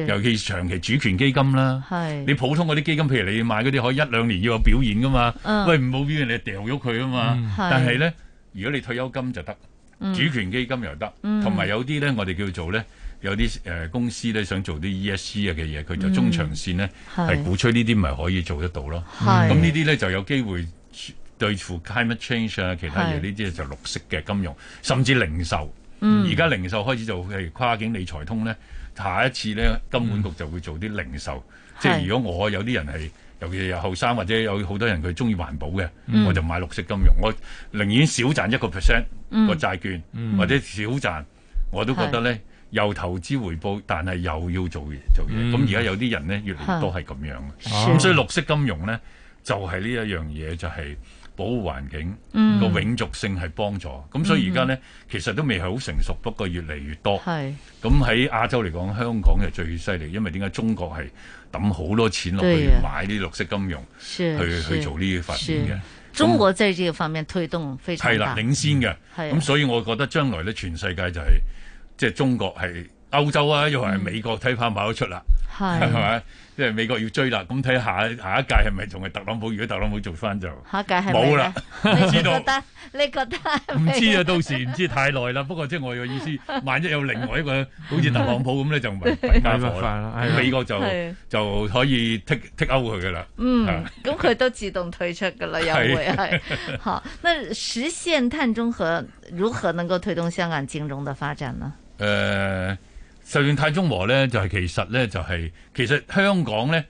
尤其長期主權基金啦，你普通嗰啲基金，譬如你買嗰啲可以一兩年要有表現噶嘛，喂唔好表現你掉咗佢啊嘛。但係咧，如果你退休金就得。主權基金又得，同埋、嗯、有啲咧，我哋叫做咧，有啲、呃、公司咧，想做啲 ESG 啊嘅嘢，佢就中長線咧，係、嗯、鼓吹呢啲咪可以做得到咯。咁、嗯、呢啲咧就有機會對付 climate change 啊，其他嘢呢啲就係綠色嘅金融，甚至零售。而家、嗯、零售開始就係跨境理財通咧，下一次咧金管局就會做啲零售。嗯、即係如果我有啲人係。尤其是後生或者有好多人佢中意環保嘅，嗯、我就買綠色金融。我寧願少賺一個 percent 個債券，嗯嗯、或者少賺，我都覺得呢，有係投資回報，但係又要做嘢做嘢。咁而家有啲人呢，越嚟越多係咁樣，咁係所以綠色金融呢，就係、係、呢一樣嘢，就係、係。保護環境個、嗯、永續性係幫助，咁所以而家呢，嗯、其實都未係好成熟，不過越嚟越多。係咁喺亞洲嚟講，香港係最犀利，因為點解中國係抌好多錢落去買啲綠色金融去，去去做呢啲發展嘅。那中國在呢個方面推動非常大，係啦，領先嘅。咁的所以我覺得將來呢，全世界就係即係中國係。歐洲啊，又係美國睇唔賣得出啦，係咪？即係美國要追啦，咁睇下下一屆係咪仲係特朗普？如果特朗普做翻就下一屆係咪冇啦，你知道？你覺得？唔知啊，到時唔知太耐啦。不過即係我嘅意思，萬一有另外一個好似特朗普咁咧，就唔係麻煩啦。美國就就可以剔剔歐佢噶啦。嗯，咁佢都自動退出噶啦，又會係。好！那實現碳中和，如何能夠推動香港金融嘅發展呢？誒。就算碳中和呢，就係、是、其實呢，就係、是、其實香港呢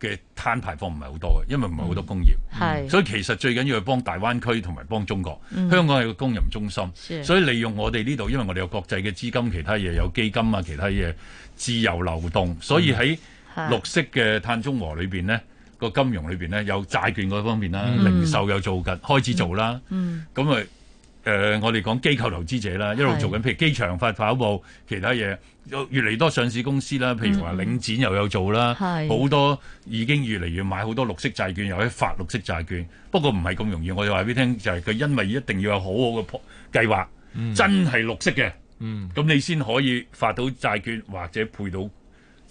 嘅碳排放唔係好多嘅，因為唔係好多工業。嗯、所以其實最緊要係幫大灣區同埋幫中國。嗯、香港係個工人中心，是所以利用我哋呢度，因為我哋有國際嘅資金，其他嘢有基金啊，其他嘢自由流動，所以喺綠色嘅碳中和裏面呢，個、嗯、金融裏面呢，有債券嗰方面啦，嗯、零售有做緊，開始做啦。嗯，咁、嗯、啊。誒、呃，我哋講機構投資者啦，一路做緊，譬如機場發跑步，其他嘢，越嚟多上市公司啦，譬如話領展又有做啦，好、嗯、多已經越嚟越買好多綠色債券，又可以發綠色債券。不過唔係咁容易，我哋話俾你聽就係佢、就是、因為一定要有很好好嘅 plan 計劃，嗯、真係綠色嘅，咁你先可以發到債券或者配到。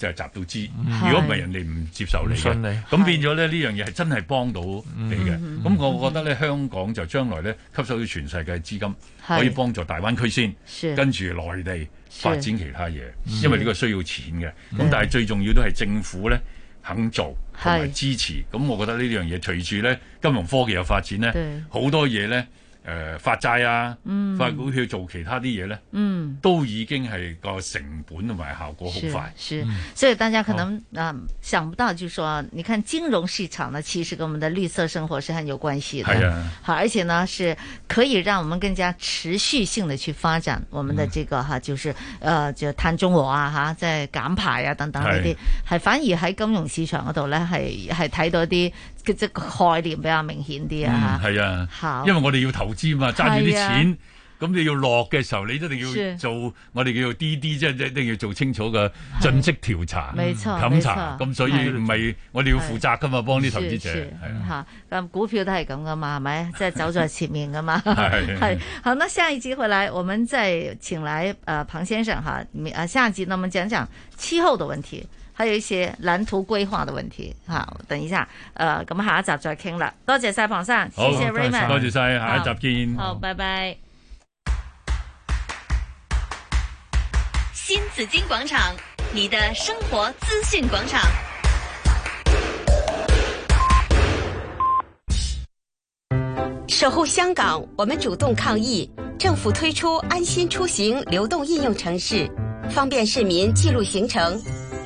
就係集到資，如果唔係人哋唔接受你嘅，咁變咗咧呢樣嘢係真係幫到你嘅。咁我覺得咧，香港就將來咧吸收咗全世界資金，可以幫助大灣區先，跟住內地發展其他嘢，因為呢個需要錢嘅。咁但係最重要都係政府咧肯做同埋支持。咁我覺得呢樣嘢隨住咧金融科技嘅發展咧，好多嘢咧。誒、呃、發債啊，嗯、發股票做其他啲嘢咧，嗯、都已經係個成本同埋效果好快是。是，嗯、所以大家可能啊、嗯嗯、想不到，就係話，你看金融市場呢，其實跟我們的綠色生活是很有關係的。的、啊、好而且呢，是可以讓我們更加持續性的去發展我們的這個哈、嗯啊，就是呃就碳中和啊，哈、啊，即係減排啊等等呢啲，係是反而喺金融市場嗰度咧，係係睇到啲。嘅、即概念比較明顯啲啊吓。係啊，因為我哋要投資嘛，揸住啲錢，咁你要落嘅時候，你都一定要做，我哋叫做 D D，即係一定要做清楚嘅盡職調查，冇錯，冚查，咁所以唔係我哋要負責噶嘛，幫啲投資者，係吓，咁股票都係咁噶嘛，係咪？即係走在前面噶嘛，係好。那下一集回來，我們再請來誒彭先生吓，啊下一集，我們講講氣候的問題。還有一些藍圖規劃的問題，好，等一下，呃咁啊下一集再傾啦，多謝晒龐生，謝謝好，謝 Rayman，多謝晒，下一集見好，好，拜拜。新紫荊廣場，你的生活資訊廣場。守護香港，我們主動抗疫，政府推出安心出行流動應用程式，方便市民記錄行程。嗯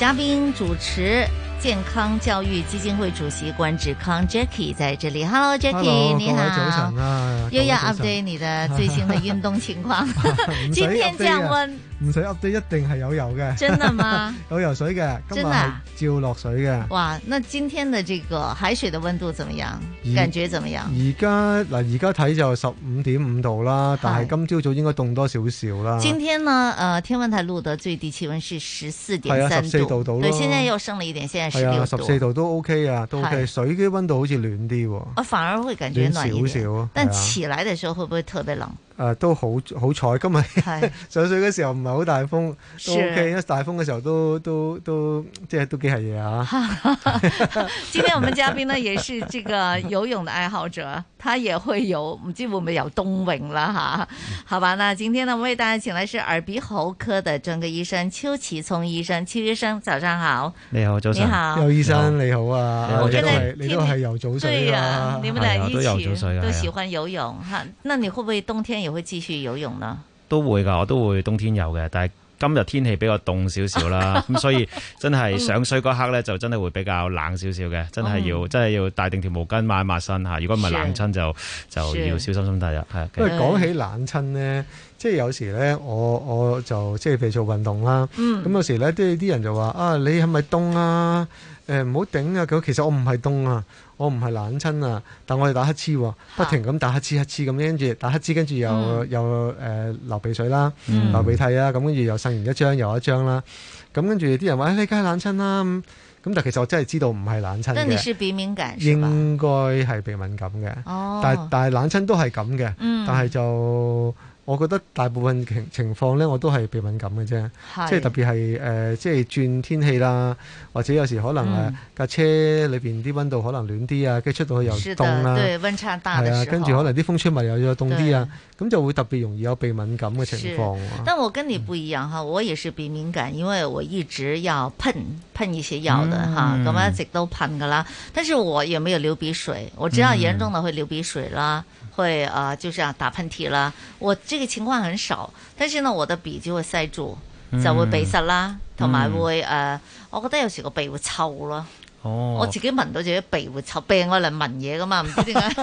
嘉賓主持健康教育基金會主席關志康 Jacky 在這裏。Hello，Jacky，Hello, 你好。早晨啊。又要 update 你的最新的運動情況。 啊啊、 今天降温。唔使 update，一定係有游嘅。真的嗎？ 有游水嘅。照落水嘅真的。就落水嘅。哇，那今天的這個海水的温度怎麼樣？感覺怎麼樣？而家嗱，而家睇就十五點五度啦，是但係今朝早應該凍多少少啦。今天呢，誒、呃，天文台錄得最低氣温是十四點三度，到、啊、現在又升了一點，現在十六度。係啊，十四度都 OK 啊，都 OK 都。是水嘅溫度好似暖啲喎、哦啊，反而會感覺暖少少。一點但起來的時候會不會特別冷？誒、呃、都好好彩，今日唉上水嘅時候唔係好大風，都 OK 是。一大風嘅時候都都都即係都幾嚇嘢啊！ 今天我們嘉賓呢也是這個游泳的愛好者，他也會遊，唔知會唔會遊冬泳啦嚇、嗯啊？好吧，那今天呢我為大家請來是耳鼻喉科的專科醫生邱騏聰醫生，邱醫生早上好。你好，上你好，早上。你好，邱醫生你好啊！我覺得你都係由早上、啊。對啊，你們兩一起，都喜歡游泳嚇、啊呀。那你會不會冬天遊？會繼續游泳啦、嗯，都會噶，我都會冬天游嘅，但係今日天，天氣比較凍少少啦，咁、 嗯、所以真係上水嗰刻咧，就真係會比較冷少少嘅，真係要、嗯、真係要帶定條毛巾抹一抹身吓，如果唔係冷親就是就要小心心態。因為講起冷親咧，即係有時咧，我我就即係譬如做運動啦，咁、嗯、有時咧，啲啲人就話啊，你係咪凍啊？誒，唔好頂啊！佢其實我唔係凍啊。我唔係冷親啊，但我哋打乞嗤、啊，不停咁打乞嗤乞嗤咁，跟住打乞嗤，跟住又、嗯、又誒流鼻水啦，流鼻涕啦，咁跟住又呻完一張又一張啦，咁跟住啲人話、哎：，你梗係冷親啦，咁但其實我真係知道唔係冷親。但你是，是，是鼻敏感？應該係鼻敏感嘅，但但係冷親都係咁嘅，但係就。我覺得大部分情情況咧，我都係鼻敏感嘅啫是、呃，即係特別係誒，即係轉天氣啦，或者有時可能誒架、嗯啊、車裏邊啲溫度可能暖啲啊，啊，啊，跟住出到去又凍啦，對、溫差大、係啊，跟住可能啲風吹埋又再凍啲啊，咁就會特別容易有鼻敏感嘅情況、啊。但我跟你唔一樣哈，嗯、我也是鼻敏感，因為我一直要噴噴一些藥嘅哈，咁、嗯啊、一直都噴㗎啦，但是我又沒有流鼻水，我知道嚴重的會流鼻水啦。嗯嗯會、呃就是、啊，就這樣打噴嚏啦，我這個情況很少，但是呢，我的鼻就會塞住，就、嗯、會鼻塞啦，同埋會誒，我覺得有時個鼻會臭咯。我自己聞到自己鼻會臭，鼻我嚟聞嘢噶嘛，唔知點解。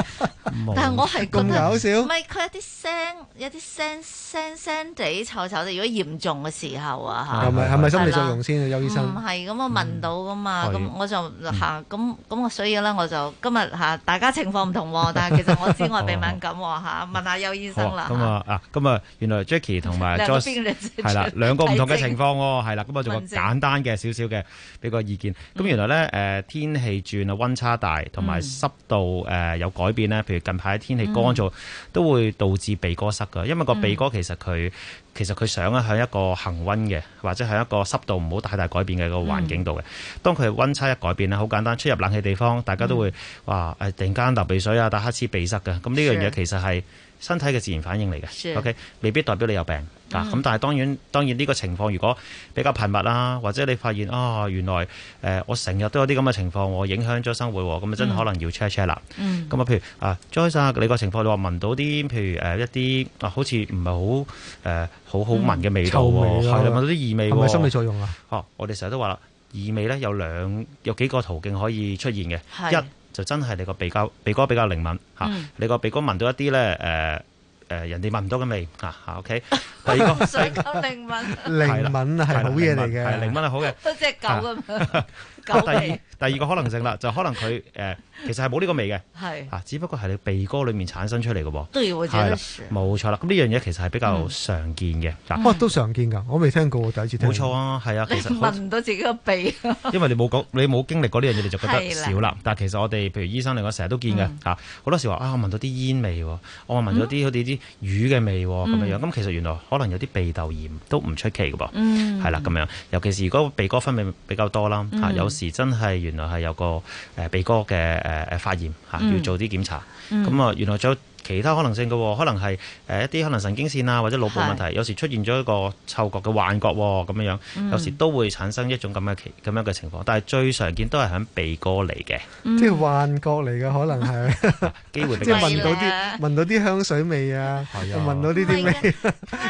但係我係覺得，好唔係佢一啲聲，一啲聲聲聲地臭臭，如果嚴重嘅時候啊，係咪係咪心理作用先？邱醫生唔係咁，我聞到噶嘛，咁我就嚇咁咁。所以咧，我就今日嚇大家情況唔同喎，但係其實我知我鼻敏感喎嚇，問下邱醫生啦。咁啊啊，咁啊，原來 Jackie 同埋 Joyce 係啦，兩個唔同嘅情況喎，係啦，咁啊做個簡單嘅少少嘅俾個意見。咁原來咧誒。誒，天氣轉啊，溫差大同埋濕度誒有改變咧，嗯、譬如近排天氣乾燥，嗯、都會導致鼻哥塞噶。因為個鼻哥其實佢其實佢想咧喺一個恆溫嘅，或者喺一個濕度唔好太大改變嘅個環境度嘅。嗯、當佢溫差一改變咧，好簡單，出入冷氣地方，大家都會話誒、嗯，突然間流鼻水啊，打黑嚏，鼻塞嘅。咁呢樣嘢其實係。身體嘅自然反應嚟嘅是，OK，未必代表你有病、嗯、啊。咁但係當然當然呢個情況如果比較頻密啦，或者你發現啊原來誒、呃、我成日都有啲咁嘅情況喎，我影響咗生活喎，咁啊真係可能要 check 一 check 啦。咁、嗯嗯、啊，譬如啊 Joyce 你個情況你話聞到啲，譬如誒一啲啊，好似唔係好誒好好聞嘅味道喎，係、嗯、聞到啲異味喎，係咪心理作用啊？哦，我哋成日都話啦，異味咧有兩有幾個途徑可以出現嘅，一。就真係你個鼻較鼻哥比較靈敏嚇，嗯、你個鼻哥聞到一啲咧誒誒人哋聞唔到嘅味嚇嚇、啊、OK。第二個，上 靈敏，了靈敏，靈敏係好嘢嚟嘅，係靈敏係好嘅，都只、啊、狗咁皮。 第二第二個可能性啦，就可能佢誒。呃其實係冇呢個味嘅，係啊，只不過係你鼻哥裏面產生出嚟嘅，都係啦，冇錯啦。咁呢樣嘢其實係比較常見嘅，乜都常見噶，我未聽過，第一次聽。冇錯啊，係啊，其實聞唔到自己個鼻，因為你冇講，你冇經歷過呢樣嘢，你就覺得少啦。但係其實我哋，譬如醫生嚟講，成日都見嘅吓，好多時話啊聞到啲煙味，我話聞到啲好似啲魚嘅味咁樣樣。咁其實原來可能有啲鼻竇炎都唔出奇嘅，係啦咁樣。尤其是如果鼻哥分泌比較多啦，吓有時真係原來係有個誒鼻哥嘅。誒誒，發炎吓要做啲檢查，咁啊、嗯、原來就。其他可能性嘅，可能係誒一啲可能神經線啊或者腦部問題，有時出現咗一個嗅覺嘅幻覺咁樣樣，有時都會產生一種咁嘅咁樣嘅情況，但係最常見都係響鼻哥嚟嘅，即係幻覺嚟嘅可能係，即係聞到啲聞到啲香水味啊，聞到呢啲味，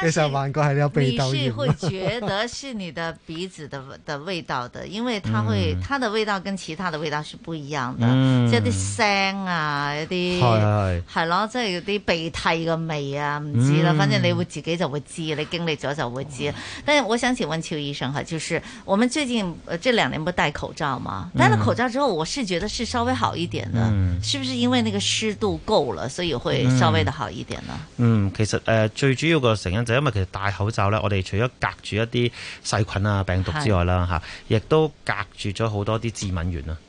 其實幻覺係有鼻竇炎。會覺得是你的鼻子的的味道的，因為，它會，它的味道跟其他的味道是不一樣的，即係啲聲啊一啲係係係咯，即係。有啲鼻涕嘅味啊，唔知啦，反正你會自己就會知，嗯、你經歷咗就會知。但係我想請問邱醫生吓，就是我們最近這兩年不戴口罩嘛？戴了口罩之後，我是覺得是稍微好一點的，嗯、是不是因為那個濕度夠了，所以會稍微的好一點呢？嗯，嗯，其實誒、呃、最主要個成因就因為其實戴口罩咧，我哋除咗隔住一啲細菌啊病毒之外啦吓，亦的都隔住咗好多啲致敏原啊。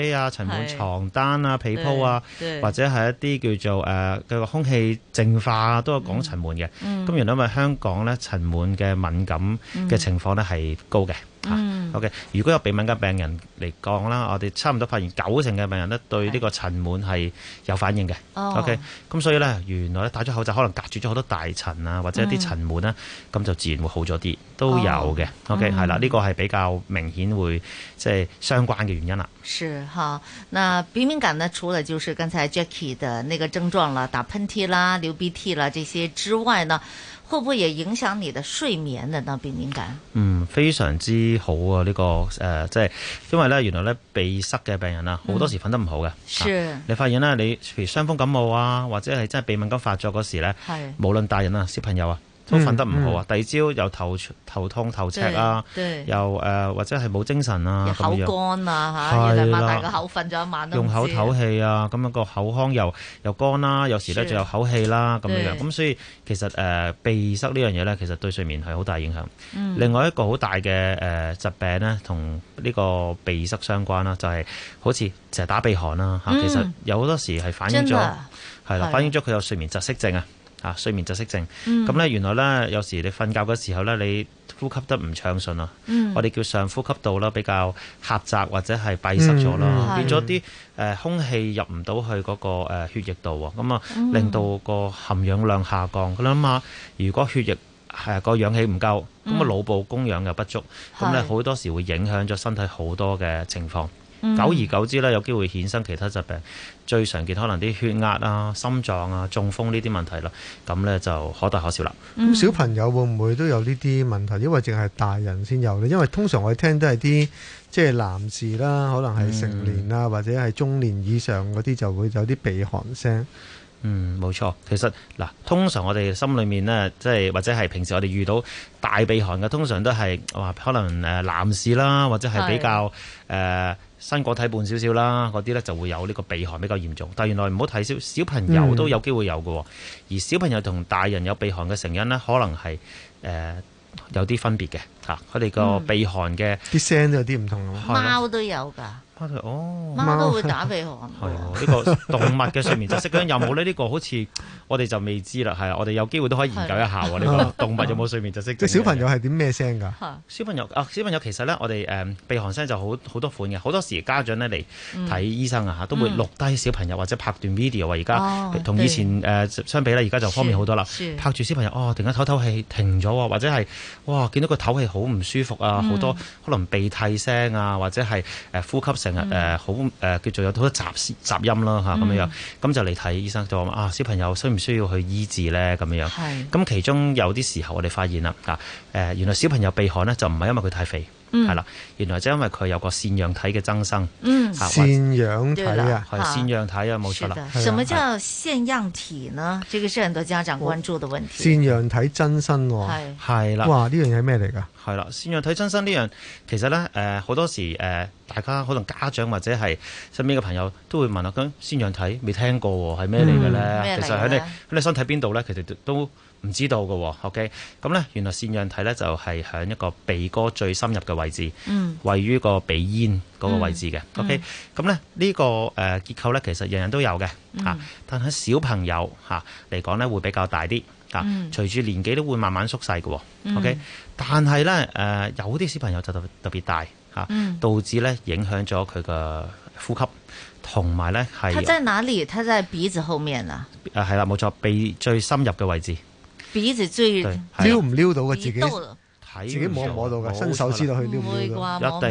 機啊，塵蟎床單啊、被鋪啊，或者係一啲叫做誒嘅、呃、空氣淨化啊，都有講塵蟎嘅。咁、嗯嗯、原來因為香港咧塵蟎嘅敏感嘅情況咧係、嗯、高嘅。嗯、啊、OK。如果有鼻敏感病人嚟講啦，我哋差唔多發現九成嘅病人咧對呢個塵蟎係有反應嘅。OK、哦。咁、嗯、所以咧，原來咧戴咗口罩可能隔住咗好多大塵啊，或者一啲塵蟎咧，咁、嗯、就自然會好咗啲，都有嘅。OK，係啦，呢、這個係比較明顯會即係、就是、相關嘅原因啦。是哈，那鼻敏感呢？除了就是剛才 Jackie 的那個症狀啦，打噴嚏啦、流鼻涕啦這些之外呢？會唔會影響你的睡眠呢？當鼻敏感？嗯，非常之好啊！呢、呢個誒、呃，即係因為咧，原來咧鼻塞嘅病人啊，好多時瞓得唔好嘅、嗯。是、啊。你發現啦，你譬如傷風感冒啊，或者係真係鼻敏感發作嗰時咧，是無論大人啊，小朋友啊。都瞓得唔好啊！嗯嗯、第二朝又頭，頭痛頭赤啊，又誒、呃、或者係冇精神啊，口乾啊嚇，一晚大個口瞓咗一晚，用口唞氣啊，咁樣個口腔又又乾啦、啊，有時咧仲有口氣啦、啊、咁樣。咁所以其實誒、呃、鼻塞呢樣嘢咧，其實對睡眠係好大影響。嗯、另外一個好大嘅誒疾病咧，同呢個鼻塞相關啦、啊，就係、是、好似成日打鼻鼾啦、啊嗯、其實有好多時係反映咗，啦，的的反映咗佢有睡眠窒息症啊。啊，睡眠窒息症，咁咧、嗯、原來咧，有時你瞓覺嘅時候咧，你呼吸得唔暢順啊，嗯、我哋叫上呼吸道啦，比較狹窄或者係閉塞咗啦，嗯、變咗啲誒空氣入唔到去嗰個誒血液度啊，咁啊令到個含氧量下降，佢諗下如果血液係個氧氣唔夠，咁啊腦部供氧又不足，咁咧好多時會影響咗身體好多嘅情況。久而久之咧，有機會衍生其他疾病，最常見可能啲血壓啊、心臟啊、中風呢啲問題啦，咁呢就可大可小啦。咁、嗯、小朋友會唔會都有呢啲問題？因為淨係大人先有咧，因為通常我哋聽都係啲即係男士啦，可能係成年啊，嗯、或者係中年以上嗰啲就會有啲鼻鼾聲。嗯，冇錯。其實嗱，通常我哋心裏面咧，即係或者係平時我哋遇到大鼻鼾嘅，通常都係話可能誒、呃、男士啦，或者係比較誒的、呃、身果體胖少少啦，嗰啲咧就會有呢個鼻鼾比較嚴重。但原來唔好睇少，小朋友都有機會有喎。嗯、而小朋友同大人有鼻鼾嘅成因咧，可能係誒、呃、有啲分別嘅嚇。佢、啊、哋個鼻鼾嘅啲聲都有啲唔同，貓貓都有㗎。哦，貓都會打鼻鼾。係呢的 個動物嘅睡眠窒息咁有冇咧？呢、這個好似我哋就未知啦。係啊，我哋有機會都可以研究一下喎。呢的個動物有冇睡眠窒息的？即小朋友係點咩聲㗎？的小朋友啊，小朋友其實咧，我哋誒鼻鼾聲就好好多款嘅。好多時家長咧嚟睇醫生啊，嚇都會錄低小朋友或者拍段 video 啊。而家同以前誒相比咧，而家就方便好多啦。的的拍住小朋友，哦，突然間唞唞氣停咗啊，或者係哇，見到個唞氣好唔舒服啊，好多、嗯、可能鼻涕聲啊，或者係誒呼吸聲。誒好誒叫做有好多雜雜音啦嚇，咁樣樣，咁就嚟睇醫生就話啊，小朋友需唔需要去醫治咧咁樣。咁是其中有啲時候我哋發現啦，啊誒、呃、原來小朋友鼻鼾咧就唔係因為佢太肥。係啦，原來就係因為佢有個腺樣體嘅增生。嗯，腺樣體啊，係腺樣體啊，冇錯啦。什麼叫腺樣體呢？呢個是很多家長關注的問題。腺樣體增生，係啦。哇，呢樣嘢係咩嚟噶？係啦，腺樣體增生呢樣，其實咧，誒，好多時，誒，大家可能家長或者係身邊嘅朋友都會問啦，咁腺樣體未聽過，係咩嚟嘅咧？其實喺你喺你身體邊度咧，其實都。唔知道嘅、哦、OK，咁、嗯、咧，原來腺樣體咧就係喺一個鼻哥最深入嘅位置，嗯、位於個鼻咽嗰個位置嘅，OK，咁咧呢個誒結構咧其實人人都有嘅嚇，嗯、但係小朋友嚇嚟講咧會比較大啲嚇，嗯、隨住年紀都會慢慢縮細嘅，OK，嗯、但係咧誒有啲小朋友就特別大嚇，嗯、導致咧影響咗佢嘅呼吸，同埋咧係。佢在哪裡？佢在鼻子後面啊？誒係啦，冇錯，鼻最深入嘅位置。鼻子最撩唔撩到嘅、啊、自己。自己自己摸唔摸到嘅，新手知道佢啲唔會，一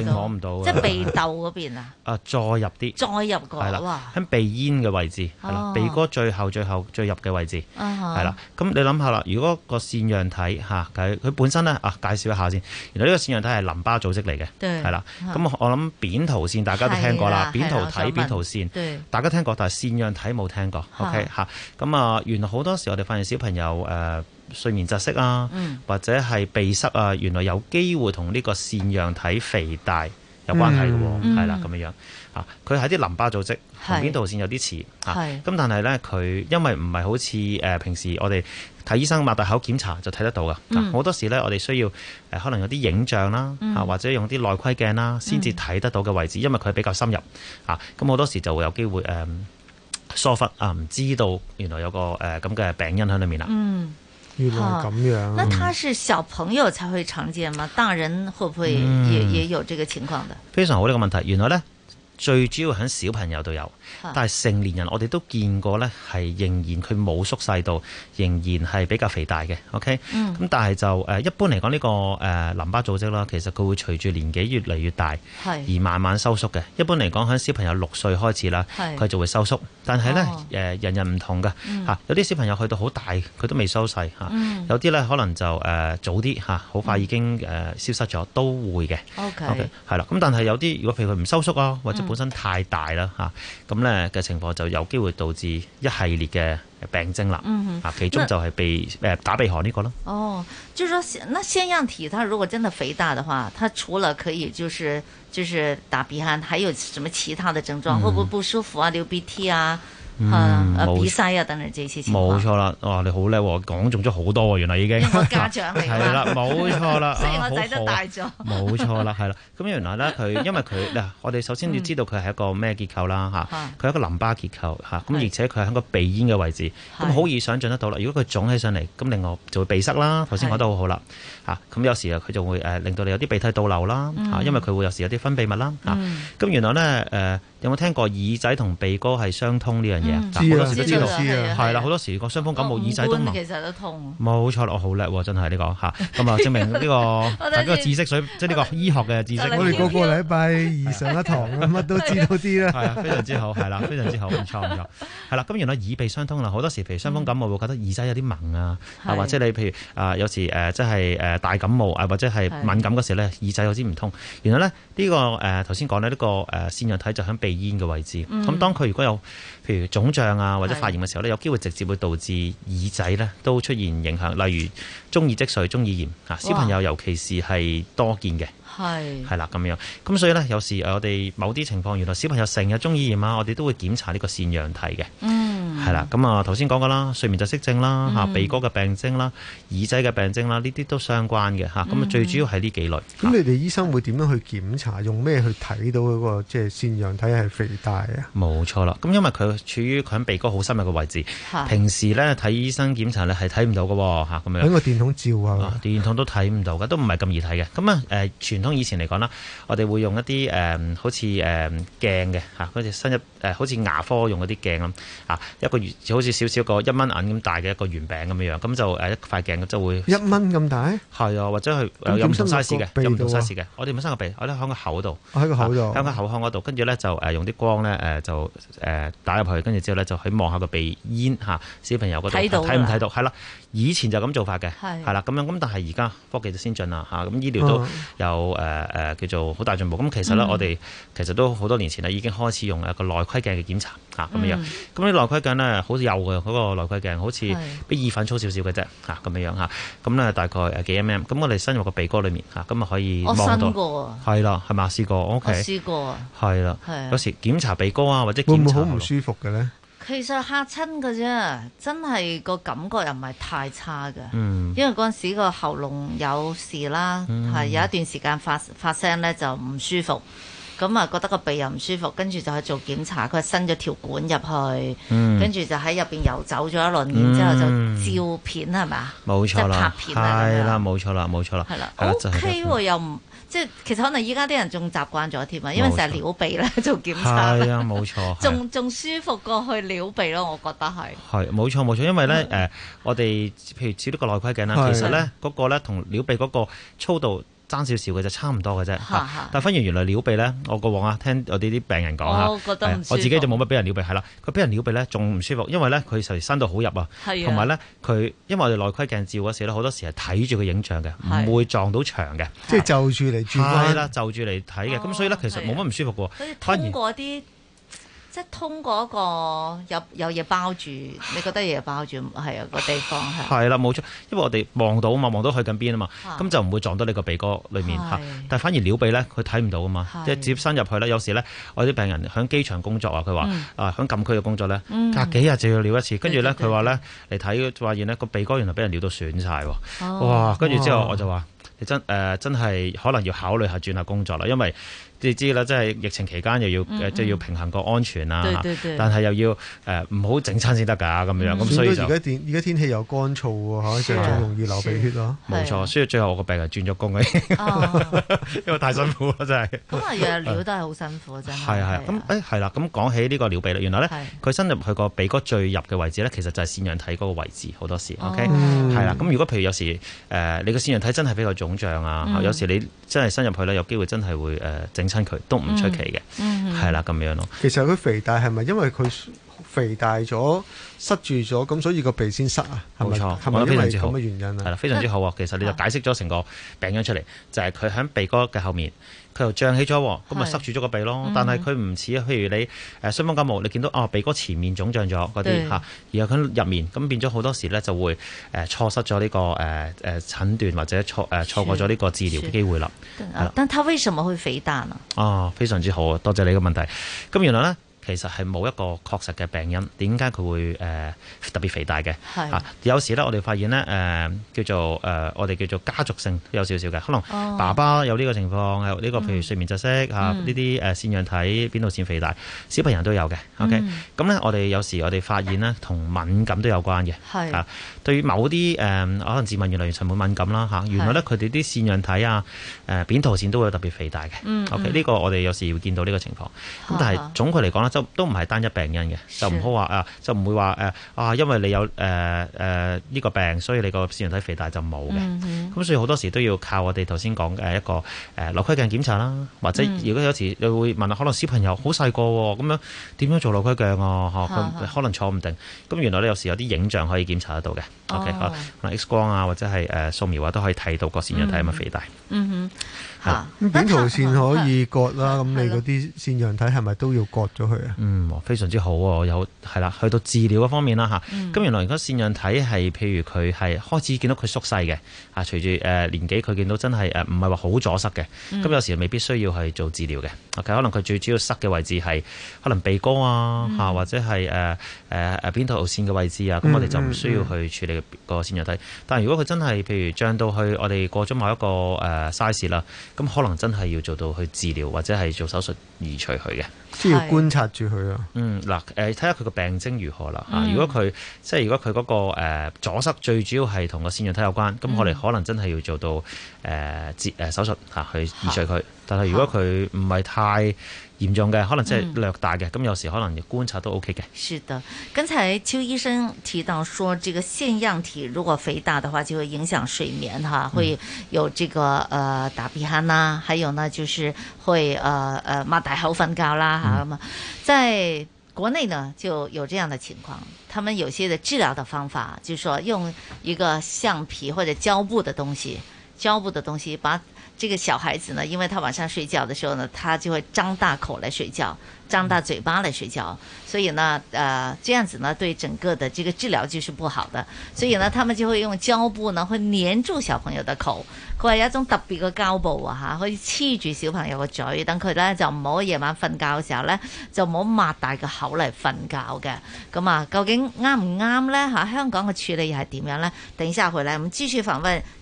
定摸唔到嘅。即係鼻竇嗰邊啊？啊，再入啲，再入過係啦，喺鼻咽嘅位置係啦，鼻哥最後最後最入嘅位置係啦。咁你諗下啦，如果個腺樣體吓佢佢本身咧啊，介紹一下先。原來呢個腺樣體係淋巴組織嚟嘅，係啦。咁我諗扁桃腺大家都聽過啦，扁桃體、扁桃腺，大家聽過，但係腺樣體冇聽過。OK 吓，咁啊，原來好多時我哋發現小朋友誒。睡眠窒息啊，或者係鼻塞啊，原來有機會同呢個腺樣體肥大有關係嘅，係啦，咁樣樣啊。佢喺啲淋巴組織同邊度先有啲似啊？咁是但係呢，佢因為唔係好似誒、呃、平時我哋睇醫生擘大口檢查就睇得到嘅，好、啊嗯、多時呢，我哋需要誒、呃、可能有啲影像啦，啊、或者用啲內窺鏡啦，先至睇得到嘅位置，因為佢比較深入啊。咁、嗯、好多時就會有機會誒、呃、疏忽啊，唔、呃、知道原來有個誒咁嘅病因喺裡面啦。嗯原來咁樣、哦，那他是小朋友才會常見嗎？大人會不會也、嗯、也有這個情況的？非常好呢個問題，原來呢，最主要喺小朋友都有，啊、但係成年人我哋都見過呢，係仍然佢冇縮細到，仍然係比較肥大嘅。OK，咁、嗯、但係就誒一般嚟講呢個誒、呃、淋巴組織啦，其實佢會隨住年紀越嚟越大，是而慢慢收縮嘅。一般嚟講喺小朋友六歲開始啦，佢是就會收縮。但係咧，誒、呃，人人唔同噶嚇、哦嗯啊，有啲小朋友去到好大，佢都未收細嚇，啊嗯、有啲咧可能就誒、呃、早啲嚇，好、啊、快已經誒、呃、消失咗，都會嘅。O K，係啦，咁但係有啲如果譬如佢唔收縮啊，或者本身太大啦嚇，咁咧嘅情況就有機會導致一系列嘅病徵啦。嗯哼、啊、其中就係鼻誒打鼻鼾呢個咯。哦，就是話，那腺樣體，它如果真的肥大的話，它除了可以就是。就是打鼻鼾，還有什麼其他的症狀？會唔會不舒服啊？流鼻涕啊？鼻塞啊，等等這些情況。冇錯啦，哇，你好叻喎，講中咗好多喎，原來已經。家長嚟噶。係啦，冇錯啦。所以我仔都大咗。冇錯啦，係啦。咁原來呢，佢因為佢嗱，我哋首先要知道佢係一個咩結構啦，吓。係。佢一個淋巴結構吓，咁而且佢喺個鼻咽嘅位置，咁好易想象得到啦。如果佢腫起上嚟，咁另外就會鼻塞啦。頭先講得好好啦。嚇咁有時啊，佢就會誒令到你有啲鼻涕倒流啦，嚇，因為佢會有時有啲分泌物啦，嚇。咁原來咧誒，有冇聽過耳仔同鼻哥係相通呢樣嘢？知都知道啊，係啦，好多時個傷風感冒耳仔都聞，其實都痛。冇錯，我好叻喎，真係呢講嚇，咁啊證明呢個呢知識，所以即係呢個醫學嘅知識。我哋個個禮拜二上一堂，乜都知道啲啦，係啊，非常之好，係啦，非常之好，唔錯唔錯，係啦。咁原來耳鼻相通啦，好多時譬如傷風感冒會覺得耳仔有啲聞啊，啊或者你譬如啊有時誒即係誒。誒，大感冒啊，或者係敏感嗰時咧，的耳仔有啲唔通。然後咧，呢、這個誒頭先講咧，呢、呃這個誒腺樣體就喺鼻咽嘅位置。咁、嗯、當佢如果有譬如腫脹啊，或者發炎嘅時候咧，的有機會直接會導致耳仔咧都出現影響。例如中耳積水、中耳炎啊，哇小朋友尤其是係多見嘅。係，係啦咁樣，咁所以咧，有時我哋某啲情況，原來小朋友成日中耳炎啊，我哋都會檢查呢個腺樣體嘅，係啦、嗯，咁啊頭先講過啦，睡眠窒息症啦，吓、嗯、鼻哥嘅病徵啦，耳仔嘅病徵啦，呢啲都相關嘅吓，咁啊、嗯、最主要係呢幾類。咁、嗯啊、你哋醫生會點樣去檢查？用咩去睇到嗰、那個即係腺樣體係肥大啊？冇錯啦，咁因為佢處於佢鼻哥好深入嘅位置，的平時咧睇醫生檢查咧係睇唔到噶吓，咁、啊、樣喺個電筒照係、啊、嘛、啊？電筒都睇唔到噶，都唔係咁易睇嘅。咁啊誒通以前嚟講啦，我哋會用一啲誒、嗯，好似誒、嗯、鏡嘅嚇，好似伸入誒，好似牙科用嗰啲鏡咁啊，一個圓，好似少少個一蚊銀咁大嘅一個圓餅咁樣樣，咁就誒一塊鏡就會一蚊咁大，係啊，或者係有唔同 size 嘅，有唔同 size 嘅，我哋唔伸個鼻，我哋喺個口度，喺個、啊、口度，喺個口腔嗰度，跟住咧就誒用啲光咧誒就誒打入去，跟住之後咧就去望下個鼻咽嚇，小朋友嗰度睇唔睇到？係啦。以前就咁做法嘅，係啦，咁樣，咁但係而家科技就先進啦嚇，咁醫療都有誒誒、啊呃、叫做好大進步。咁其實咧，嗯、我哋其實都好多年前咧已經開始用一個內窺鏡嘅檢查嚇咁樣。咁啲、嗯、內窺鏡咧好似幼嘅嗰個內窺鏡，好似比意粉粗少少嘅啫嚇咁樣樣嚇。咁咧大概幾 mm。咁我哋深入個鼻哥裡面嚇，咁啊可以望到。我試過啊。係啦，係咪啊？試過，我 OK。我試過啊。係啦了。是有時檢查鼻哥啊，或者檢查會唔會好唔舒服嘅咧？其實嚇親㗎啫，真係個感覺又唔係太差㗎！嗯、因為嗰陣時個喉嚨有事啦，係、嗯、有一段時間發發聲咧就唔舒服，咁啊覺得個鼻又唔舒服，跟住就去做檢查，佢伸咗條管入去，跟住、嗯、就喺入邊遊走咗一輪，然之後就照片係咪？冇錯啦，係啦，冇錯啦，冇錯啦，係 OK, 啦，OK 喎、就是哦，又唔～即係其實可能依家啲人仲習慣咗添啊，因為成日撩鼻咧做檢查，係啊冇錯，仲仲 舒服過去撩鼻咯，我覺得係。係冇錯冇錯，因為咧誒、 呃，我哋譬如做呢個內窺鏡啦， 其實咧嗰、那個嗰個咧同撩鼻嗰個粗度。爭少少嘅就差唔多嘅啫。但係忽然原來尿鼻咧，我過往啊聽我啲啲病人講嚇，我自己就冇乜俾人尿鼻。係啦，佢俾人尿鼻咧仲唔舒服，因為咧佢實時伸到好入啊，同埋咧佢因為我哋內窺鏡照嗰時咧，好多時係睇住佢影像嘅，唔會撞到牆嘅。即係就住嚟轉，係啦，就住嚟睇嘅。咁所以咧，其實冇乜唔舒服喎。反而通過啲。即係通過一個有有嘢包住，你覺得有嘢包住係啊個地方係。係啦，冇錯，因為我哋望到啊嘛，望到去緊邊啊嘛，咁的就唔會撞到你個鼻哥裏面的，但係反而撩鼻咧，佢睇唔到啊嘛，的即係直接伸入去咧。有時咧，我啲病人喺機場工作、嗯、啊，佢話啊，喺禁區嘅工作咧，隔幾日就要撩一次。跟住咧，佢話咧嚟睇發現呢個鼻哥原來俾人撩到損晒喎。哇、啊！跟住之後我就話：啊、你真、呃、真係可能要考慮下轉下工作啦，因為。你知啦，即係疫情期間又要即係要平衡個安全啊，但係又要誒唔好整親先得㗎咁樣，咁所以而家天氣又乾燥喎，嚇，所以好容易流鼻血咯，冇錯。所以最後我個病人轉咗工嘅，因為太辛苦啊，真係。咁啊，日療都係好辛苦，真係。係咁誒講起呢個尿鼻原來咧，佢伸入去個鼻哥最入嘅位置咧，其實就係腺樣體嗰個位置好多時。OK，係啦。咁如果譬如有時誒你個腺樣體真係比較腫脹啊，有時你真係伸入去咧，有機會真係會誒整親佢都唔出奇嘅，係啦，咁樣咯。其實佢肥大係咪因為佢肥大咗，塞住咗，咁所以個鼻先塞啊？冇錯錯，係咪不因為咁嘅原因啊？係啦，非常之好。其實你就解釋咗成個病因出嚟，就係佢喺鼻哥嘅後面。就脹起咗，咁咪塞住咗個鼻咯。是但係佢唔似，譬如你誒傷風感冒，你見到哦鼻哥前面腫脹咗嗰啲嚇，對然後佢入面咁變咗好多時咧，就會誒錯、呃、失咗呢、這個誒誒診斷或者錯誒錯過咗呢個治療嘅機會啦。了但係，佢為什麼會肥大呢？哦，非常之好啊，多謝你嘅問題。咁原來呢？其實係冇一個確實嘅病因，點解佢會誒、呃、特別肥大嘅？係是、啊、有時咧，我哋發現咧誒、呃、叫做誒、呃、我哋叫做家族性都有少少嘅，可能爸爸有呢個情況，有呢個譬如睡眠窒息啊呢啲誒腺樣體扁桃腺肥大，小朋友都有嘅。OK，咁咧、嗯、我哋有時我哋發現咧同敏感都有關嘅。係、嗯、啊，對於某啲誒、呃、可能自問越嚟越沉悶敏感啦嚇、啊，原來咧佢哋啲腺樣體啊誒扁桃腺都會有特別肥大嘅。OK，呢、嗯嗯、個我哋有時會見到呢個情況。咁但係總括嚟講就都唔係單一病因嘅，就唔好話啊，就唔會話誒啊，因為你有誒誒呢個病，所以你個腺樣體肥大就冇嘅。咁、嗯、哼所以好多時都要靠我哋頭先講嘅一個誒內窺鏡檢查啦，或者如果有時你會問，可能小朋友好細個咁樣點樣做內窺鏡啊？啊可能坐唔定。咁是原來你有時有啲影像可以檢查得到嘅。哦、OK，嗱 X 光啊，或者係誒掃描啊，都可以睇到個腺樣體有冇肥大。嗯哼。啊！咁扁桃腺可以割啦，咁你嗰啲腺樣體係咪都要割咗佢啊？嗯，非常之好喎，有係啦，去到治療方面啦吓。咁、嗯、原來而家腺樣體係，譬如佢係開始見到佢縮細嘅，啊，隨住誒、呃、年紀佢見到真係誒唔係話好阻塞嘅，咁、嗯、有時未必需要去做治療嘅。啊，其實可能佢最主要塞嘅位置係可能鼻哥啊，嚇、嗯、或者係誒。呃誒誒邊度路線嘅位置啊，咁、嗯、我哋就唔需要去處理個腺樣體。嗯嗯、但如果佢真係譬如漲到去我哋過咗某一個誒 size 啦，咁可能真係要做到去治療或者係做手術移除佢嘅，需要觀察住佢啊。嗯，嗱、呃、誒，睇下佢個病徵如何啦。啊、嗯，如果佢即係如果佢嗰、那個誒、呃、阻塞最主要係同個腺樣體有關，咁、嗯、我哋可能真係要做到誒截、呃、手術嚇、啊、去移除佢。是但係如果佢唔係太嚴重嘅可能真係略大嘅，咁、嗯、有時可能觀察都 OK 嘅。是的，剛才邱醫生提到說，這個腺樣體如果肥大的話，就會影響睡眠，哈、嗯，會有這個呃打鼻鼾啦，還有呢就是會呃呃擘大口瞓覺啦，哈咁啊。在國內呢就有這樣的情況，他們有些的治療的方法，就是說用一個橡皮或者膠布的東西。膠布的東西，把這個小孩子呢，因為他晚上睡覺的時候呢，他就會張大口來睡覺，張大嘴巴來睡覺，所以呢，呃，這樣子呢，對整個的這個治療就是不好的，所以呢，他們就會用膠布呢，會粘住小朋友的口，佢話有一種特別嘅膠布啊，吓可以黐住小朋友嘅嘴，等佢咧就唔好夜晚瞓覺嘅時候咧，就唔好擘大個口嚟瞓覺嘅，咁、嗯、啊，究竟啱唔啱咧吓？香港嘅處理又係點樣咧？等一下回來，我哋繼續訪問。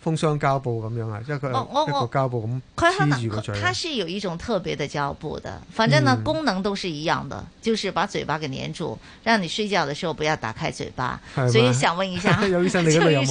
封箱膠布咁樣啊，即係佢一個膠布咁黐住個嘴，佢可能它是有一種特別的膠布的，反正呢功能都是一樣的，嗯、就是把嘴巴給黏住，讓你睡覺的時候不要打開嘴巴。嗎所以想問一下邱 醫， 醫生，有有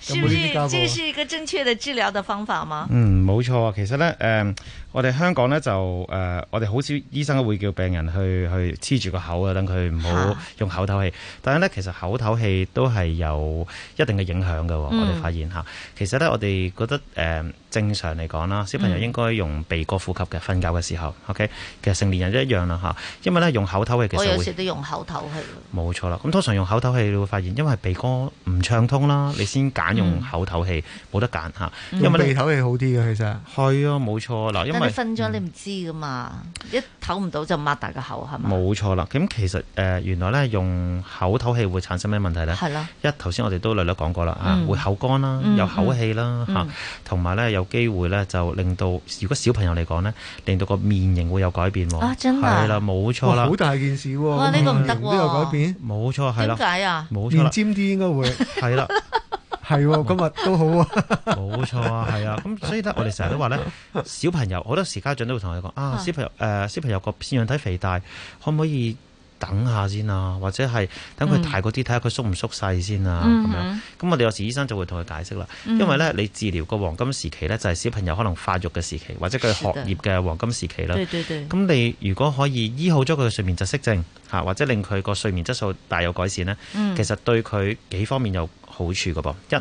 是不是這是一個正確的治療的方法嗎？嗯，冇錯啊，其實呢，誒、嗯。我哋香港咧就誒、呃，我哋好少醫生會叫病人去去黐住個口啊，等佢唔好用口唞氣。但係咧，其實口唞氣都係有一定嘅影響㗎喎、嗯。我哋發現吓其實咧，我哋覺得誒。呃正常嚟講啦，小朋友應該用鼻哥呼吸嘅，瞓、嗯、覺嘅時候，OK。其實成年人一樣啦嚇，因為咧用口唞氣其實我有時都用口唞氣。冇錯啦，咁通常用口唞氣，你會發現因為鼻哥唔暢通啦，你先揀用口唞氣，冇、嗯、得揀嚇。因為鼻唞氣好啲嘅其實。係啊，冇錯啦，因為。瞓咗你唔知噶嘛，嗯、一唞唔到就擘大個口係嘛。冇錯啦，咁其實誒、呃、原來咧用口唞氣會產生咩問題咧？係咯的。一頭先我哋都略略講過啦嚇，嗯、會口乾啦，有口氣啦嚇，同埋咧有機會咧，就令到如果小朋友嚟講咧，令到個面型會有改變喎。真係係啦，冇錯啦，好大件事喎。呢個唔得喎。面型都有改變。冇錯，係啦。點解啊？面尖啲應該會。係啦，係。今日都好啊。冇錯啊，係啊。咁所以咧我哋成日都話咧，小朋友好多時家長都會同佢講啊，小朋友誒，小朋友個腺樣體肥大，可唔可以？等下先啊，或者係等佢大個啲，睇下佢縮唔縮細先啊，咁、嗯、哼樣。咁我哋有時醫生就會同佢解釋啦，因為咧你治療個黃金時期咧，就係小朋友可能發育嘅時期，或者佢學業嘅黃金時期啦。對對對。咁你如果可以醫好咗佢嘅睡眠窒息症嚇，或者令佢個睡眠質素大有改善咧，嗯、其實對佢幾方面有。好處嘅噃，一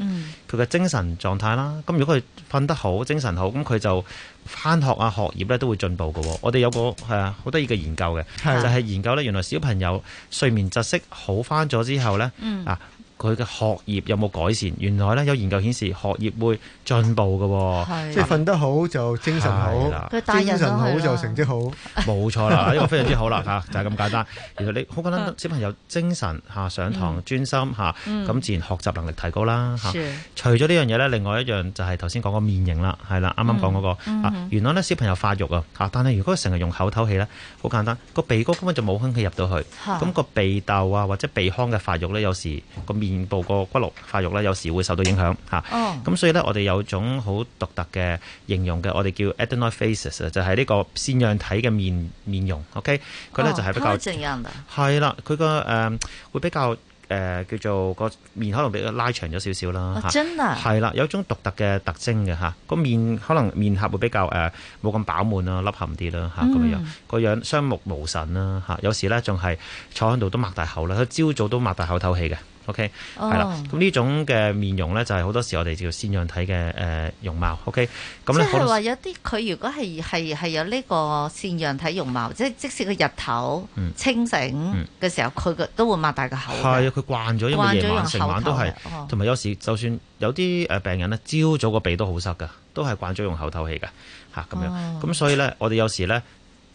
佢嘅精神狀態啦。咁如果佢瞓得好，精神好，咁佢就翻學啊，學業咧都會進步喎。我哋有個啊，好得意嘅研究嘅，就係、是、研究咧，原來小朋友睡眠窒息好翻咗之後咧，啊。啊佢嘅學業有冇改善？原來咧有研究顯示學業會進步嘅，即係瞓得好就精神好，的精神好就成績好，冇 錯啦，呢個非常之好啦嚇、 啊，就係、是、咁簡單。原來你好簡單，嗯、小朋友精神嚇、啊、上堂專心嚇，咁、啊、自然學習能力提高啦嚇。啊嗯、除咗呢樣嘢咧，另外一樣就係頭先講個面型啦，係啦、嗯，啱啱講嗰個，原來咧小朋友發育啊嚇，但係如果成日用口唞氣咧，好簡單，個鼻哥根本就冇空氣入到去，咁、啊、個鼻竇啊或者鼻腔嘅發育咧，有時個面。面部個骨骼發育咧，有時會受到影響嚇。咁、oh. 啊、所以咧，我哋有種好獨特嘅形容嘅，我哋叫 adenoid faces，就係呢個腺樣體嘅面面容。OK，佢咧、oh, 就係比較腺樣嘅。係啦，佢個誒會比較誒、呃、叫做個面可能比較拉長咗少少啦。Oh, 真啊！係啦，有一種獨特嘅特徵嘅嚇，個、啊、面可能面頰會比較誒冇咁飽滿粒一點啊，凹陷啲啦嚇咁樣，個樣雙目無神啦嚇、啊，有時咧仲係坐喺度都擘大口啦，佢朝早都擘大口唞氣嘅。O K，係啦，咁呢 Okay?、哦、種嘅面容咧，就係、是、好多時我哋叫腺樣體嘅、呃、容貌。O K，咁咧即係話有啲佢如果係係係有呢個腺樣體容貌，即係即使佢日頭清醒嘅時候，佢、嗯、都會擘大個口。係啊，佢慣咗，因為夜晚成晚都係，同埋、哦、有時就算有啲呃病人咧，朝早個鼻都好濕噶，都係慣咗用口透氣噶嚇咁樣。咁所以咧，我哋有時咧。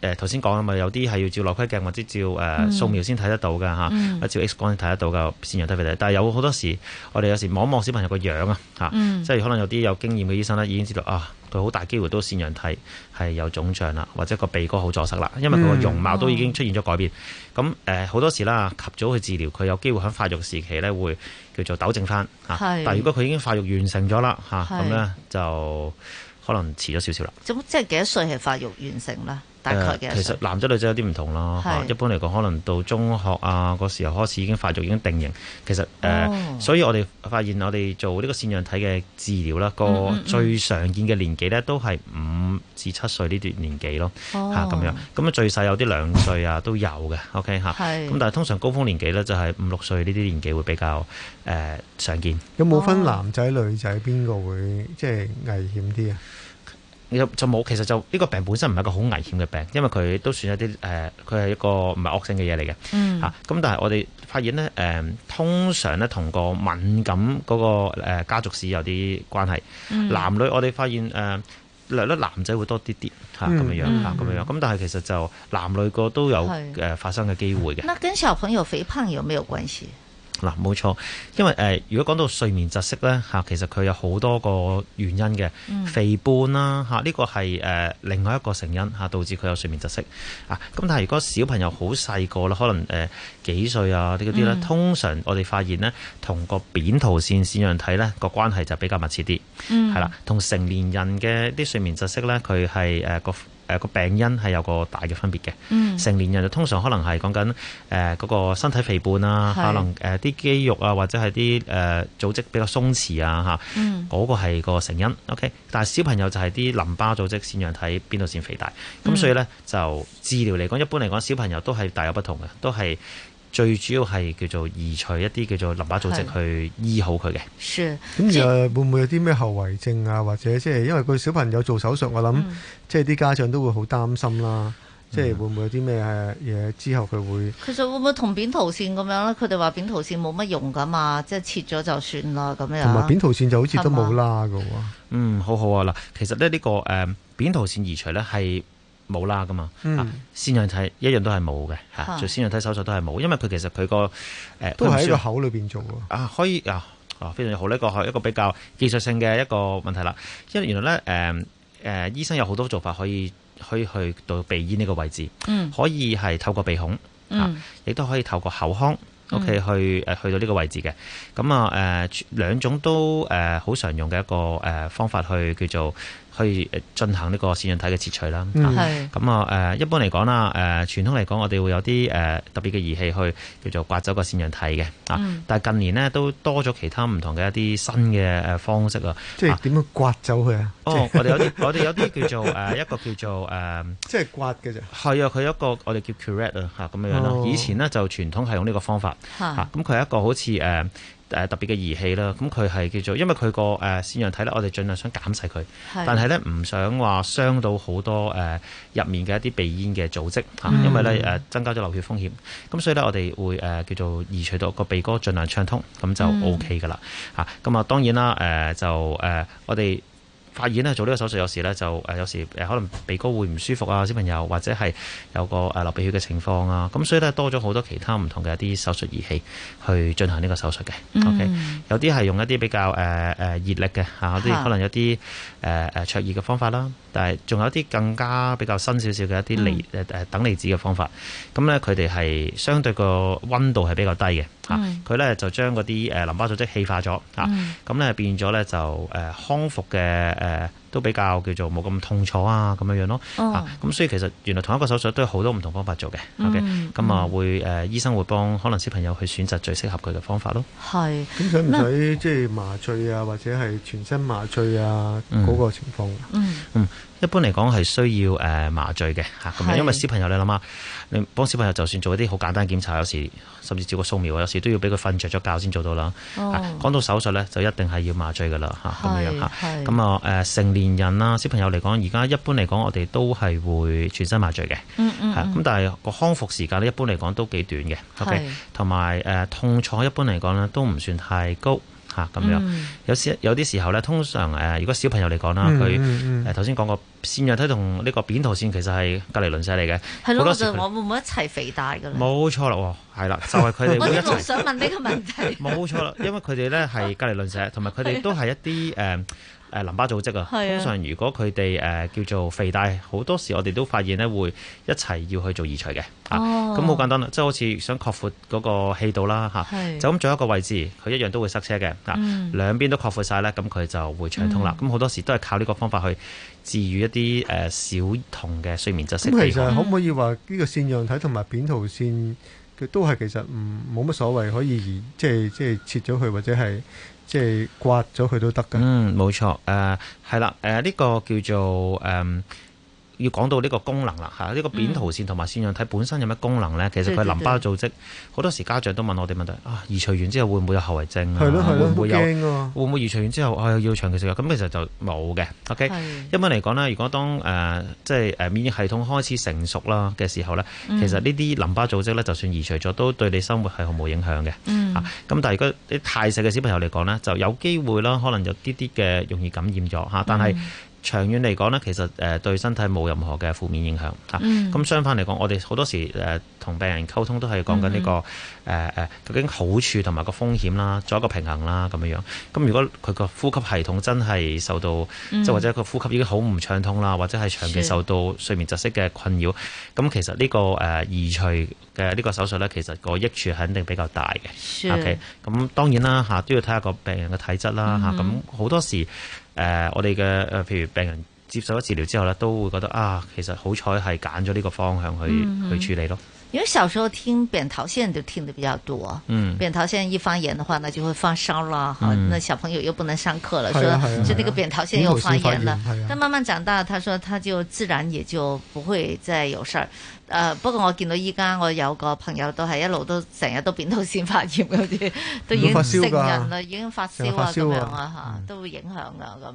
誒頭先講啊嘛，有啲係要照內窺鏡或者照誒掃描先睇得到嘅嚇，或者照 X 光先睇得到嘅腺樣體肥大。但係有好多時，我哋有時望望小朋友個樣啊嚇，嗯、即係可能有啲有經驗嘅醫生咧已經知道啊，佢好大機會都腺樣體係有腫脹啦，或者個鼻哥好阻塞啦，因為佢個容貌都已經出現咗改變。咁誒、嗯、好很多時啦，及早去治療，佢有機會喺發育時期咧會叫做糾正翻嚇。是但如果佢已經發育完成咗啦嚇，咁咧是就可能遲咗少了少啦。即係幾多歲係發育完成啦？誒，呃、其實男仔女仔有啲唔同咯。嚇是、啊，一般嚟講，可能到中學啊嗰時候開始已經發育已經定型。其實誒，呃哦、所以我哋發現我哋做呢個腺樣體嘅治療啦，個、嗯嗯嗯、最常見嘅年紀咧、哦啊啊，都係五至七歲呢段年紀咯。嚇，咁樣咁啊，最細有啲兩歲啊都有嘅。OK 嚇，咁但係通常高峰年紀咧就係五六歲呢啲年紀會比較誒、呃、常見。有冇分男仔女仔邊個會即係危險啲啊？嗯就就冇，其實就呢個病本身唔係一個好危險嘅病，因為佢都算有啲誒，佢、呃、係一個唔係惡性嘅嘢嚟嘅。嚇咁、嗯啊，但係我哋發現咧，誒、呃、通常咧同個敏感嗰、嗰個、呃、家族史有啲關係。嗯、男女我哋發現誒略略男仔會多啲啲嚇咁樣，嚇咁樣，咁、嗯啊、但係其實就男女個都有誒是、呃、發生嘅機會嘅。咁跟小朋友肥胖有冇有關係？嗱，冇錯，因為誒，如果講到睡眠窒息咧，吓其實佢有好多個原因嘅，嗯、肥胖啦，吓呢個係誒另外一個成因吓，導致佢有睡眠窒息啊。咁但係如果小朋友好細個啦，可能誒、呃、幾歲啊啲嗰啲咧，嗯、通常我哋發現咧同個扁桃腺腺樣體咧個關係就比較密切啲，係啦、嗯，同成年人嘅啲睡眠窒息咧，佢係誒個。呃誒個病因係有個大嘅分別嘅，嗯、成年人就通常可能係講緊誒嗰個身體肥胖啊，是可能誒啲、呃、肌肉啊或者係啲誒組織比較鬆弛啊嚇，嗰、嗯、個係個成因。O、okay? K，但係小朋友就係啲淋巴組織腺樣體睇邊度先肥大，咁所以呢，就治療嚟講，一般嚟講小朋友都係大有不同嘅，都係。最主要係叫做移除一啲叫做淋巴組織去醫好佢嘅。咁啊，是是會唔會有啲咩後遺症啊？或者即係因為個小朋友做手術，我諗即係啲家長都會好擔心啦。即係、嗯、會唔會有啲咩嘢之後佢會？其實會唔會同扁桃腺咁樣咧？佢哋話扁桃腺冇乜用㗎嘛，即係切咗就算啦咁樣。同埋扁桃腺就好似都冇啦㗎喎。嗯，好好啊嗱，其實咧、這、呢個誒、呃、扁桃腺移除咧係。冇啦噶嘛，嗯、啊，先人睇一樣都係冇嘅，嚇、啊、做先人睇手術都係冇，因為佢其實佢個誒都喺個口裏邊做的啊，可以啊，哦，非常之好，呢個係一個比較技術性嘅一個問題啦。因為原來咧誒誒醫生有好多做法可以可以去到鼻咽呢個位置，嗯，可以係透過鼻孔，嗯、啊，亦都可以透過口腔，OK，、嗯、去誒去到呢個位置嘅。咁啊誒、呃、兩種都誒好、呃、常用嘅一個誒、呃、方法去叫做。去進行呢個腺樣體嘅切除啦。咁、嗯、啊誒、呃，一般嚟講啦，誒、呃、傳統嚟講，我哋會有啲誒、呃、特別嘅儀器去叫做刮走個腺樣體嘅。啊，嗯、但係近年咧都多咗其他唔同嘅一啲新嘅誒方式啊。即係點樣刮走佢啊？啊哦，我哋有啲，我哋有啲叫做誒、呃、 一個叫做誒，呃、即係刮嘅啫。係啊，佢一個我哋叫 Curette 啊嚇咁樣咯。哦、以前呢，就傳統係用呢個方法嚇，咁佢係一個好似誒。呃誒特別嘅儀器啦，咁佢係叫做，因為佢個誒腺樣體咧，我哋盡量想減細佢，但係咧唔想話傷到好多誒入面嘅一啲鼻咽嘅組織啊，因為咧誒增加咗流血風險，咁所以咧我哋會誒叫做移除到個鼻哥儘量暢通，咁就 O K 噶啦，嚇，咁啊當然啦誒就誒我哋。發現咧做呢個手術有時咧就誒有時誒可能鼻哥會唔舒服啊，小朋友或者係有個誒流鼻血嘅情況啊，咁所以咧多咗好多其他唔同嘅一啲手術儀器去進行呢個手術嘅。嗯、OK，有啲係用一啲比較誒誒、呃呃、熱力嘅嚇，啲、啊、可能有啲誒誒灼熱嘅方法啦，但係仲有啲更加比較新少少嘅一啲離誒誒等離子嘅方法，咁咧佢哋係相對個溫度係比較低嘅。.啊！佢咧，嗯，就將嗰啲誒淋巴組織氣化咗啊。咁咧，嗯，變咗咧就誒，呃，康復嘅誒都比較叫做冇咁痛楚啊咁樣樣咯，哦，啊。咁所以其實原來同一個手術都有好多唔同方法做嘅，OK？咁啊會誒，呃，醫生會幫可能小朋友去選擇最適合佢嘅方法咯。係咁使唔使即係麻醉啊？或者係全身麻醉啊？嗰個情況？嗯，一般嚟講係需要誒，呃，麻醉嘅吓，咁啊樣是因為小朋友你諗下。你幫小朋友就算做一啲好簡單檢查，有時甚至照個掃描，有時都要俾佢瞓着咗覺先做到啦。講、哦、到手術咧，就一定係要麻醉噶啦。嚇咁樣嚇咁啊、呃、成年人啦，小朋友嚟講，而家一般嚟講，我哋都係會全身麻醉嘅。嗯，嗯嗯。咁但係個康復時間咧，一般嚟講都幾短嘅。是 OK，同埋誒痛楚一般嚟講咧，都唔算太高。嚇咁、啊、樣、嗯、有時有啲時候咧，通常誒、呃，如果小朋友嚟講啦，佢誒頭先講個腺樣體同呢個扁桃腺其實係隔離鄰舍嚟嘅，好的多時我會唔會一齊肥大噶咧？冇錯啦，係啦，就係佢哋會一齊。我想問呢個問題。冇錯啦，因為佢哋咧係隔離鄰舍，同埋佢哋都係一啲誒。嗯 誒、呃、淋巴組織啊，通常如果佢哋誒叫做肥大，好多時我哋都發現咧會一齊要去做移除嘅、哦啊，啊，咁好簡單啦，即係好似想擴闊嗰個氣道啦，嚇，就咁仲有一個位置，佢一樣都會塞車嘅，嗱、啊，兩邊、嗯、都擴闊晒咧，咁佢就會暢通啦。咁好、嗯嗯、多時都係靠呢個方法去治癒一啲誒、呃、小童嘅睡眠窒息。咁、嗯、其實可唔可以話呢個腺樣體同埋扁桃腺嘅都係其實唔冇乜所謂，可以即係即係切咗佢或者係？即係刮咗佢都得嘅。嗯，冇錯。誒、啊，係啦。誒、啊，呢、這個叫做誒。嗯要講到呢個功能啦，嚇、這、呢個扁桃腺同埋腺樣體本身有咩功能咧？其實佢淋巴組織，好多時家長都問我哋問題啊，移除完之後會唔會有後遺症、啊？係咯、係咯，會唔會有？會唔會移除完之後，我、哎、要長期食藥？咁其實就冇嘅。OK，一般嚟講咧，如果當誒即係免疫系統開始成熟啦嘅時候咧，其實呢啲淋巴組織咧，就算移除咗都對你生活係毫無影響嘅。嗯。咁、啊、但係如果啲太細嘅小朋友嚟講呢，就有機會啦，可能有啲啲嘅容易感染咗嚇、啊，但係。嗯長遠嚟講呢，其實誒對身體冇任何嘅負面影響嚇。咁、嗯、相反嚟講，我哋好多時誒同病人溝通都係講緊呢個誒誒、嗯、究竟好處同埋個風險啦，做一個平衡啦咁樣樣。咁如果佢個呼吸系統真係受到，即、嗯、或者佢呼吸已經好唔暢通啦，或者係長期受到睡眠窒息嘅困擾，咁是其實呢個誒移除嘅呢個手術呢，其實個益處係肯定比較大嘅。O K，咁當然啦嚇，都要睇下個病人嘅體質啦嚇。咁好、嗯、多時候。誒、呃、我哋嘅誒，譬如病人接受咗治療之後咧，都會覺得啊，其實好彩係揀咗呢個方向去、嗯、哼去處理咯。因為小時候聽扁桃腺就聽得比較多，嗯，扁桃腺一發炎的話呢，那就會發燒啦，哈、嗯，那小朋友又不能上課了，嗯、說、啊啊、就那個扁桃腺又發炎了。啊、但慢慢長大，他說他就自然也就不會再有事兒。呃，不過我見到依家我有個朋友都係一路都成日都扁桃腺發炎嗰啲， 都已經成人啦，不不已經發燒啊咁樣啊，吓、嗯、都會影響噶咁。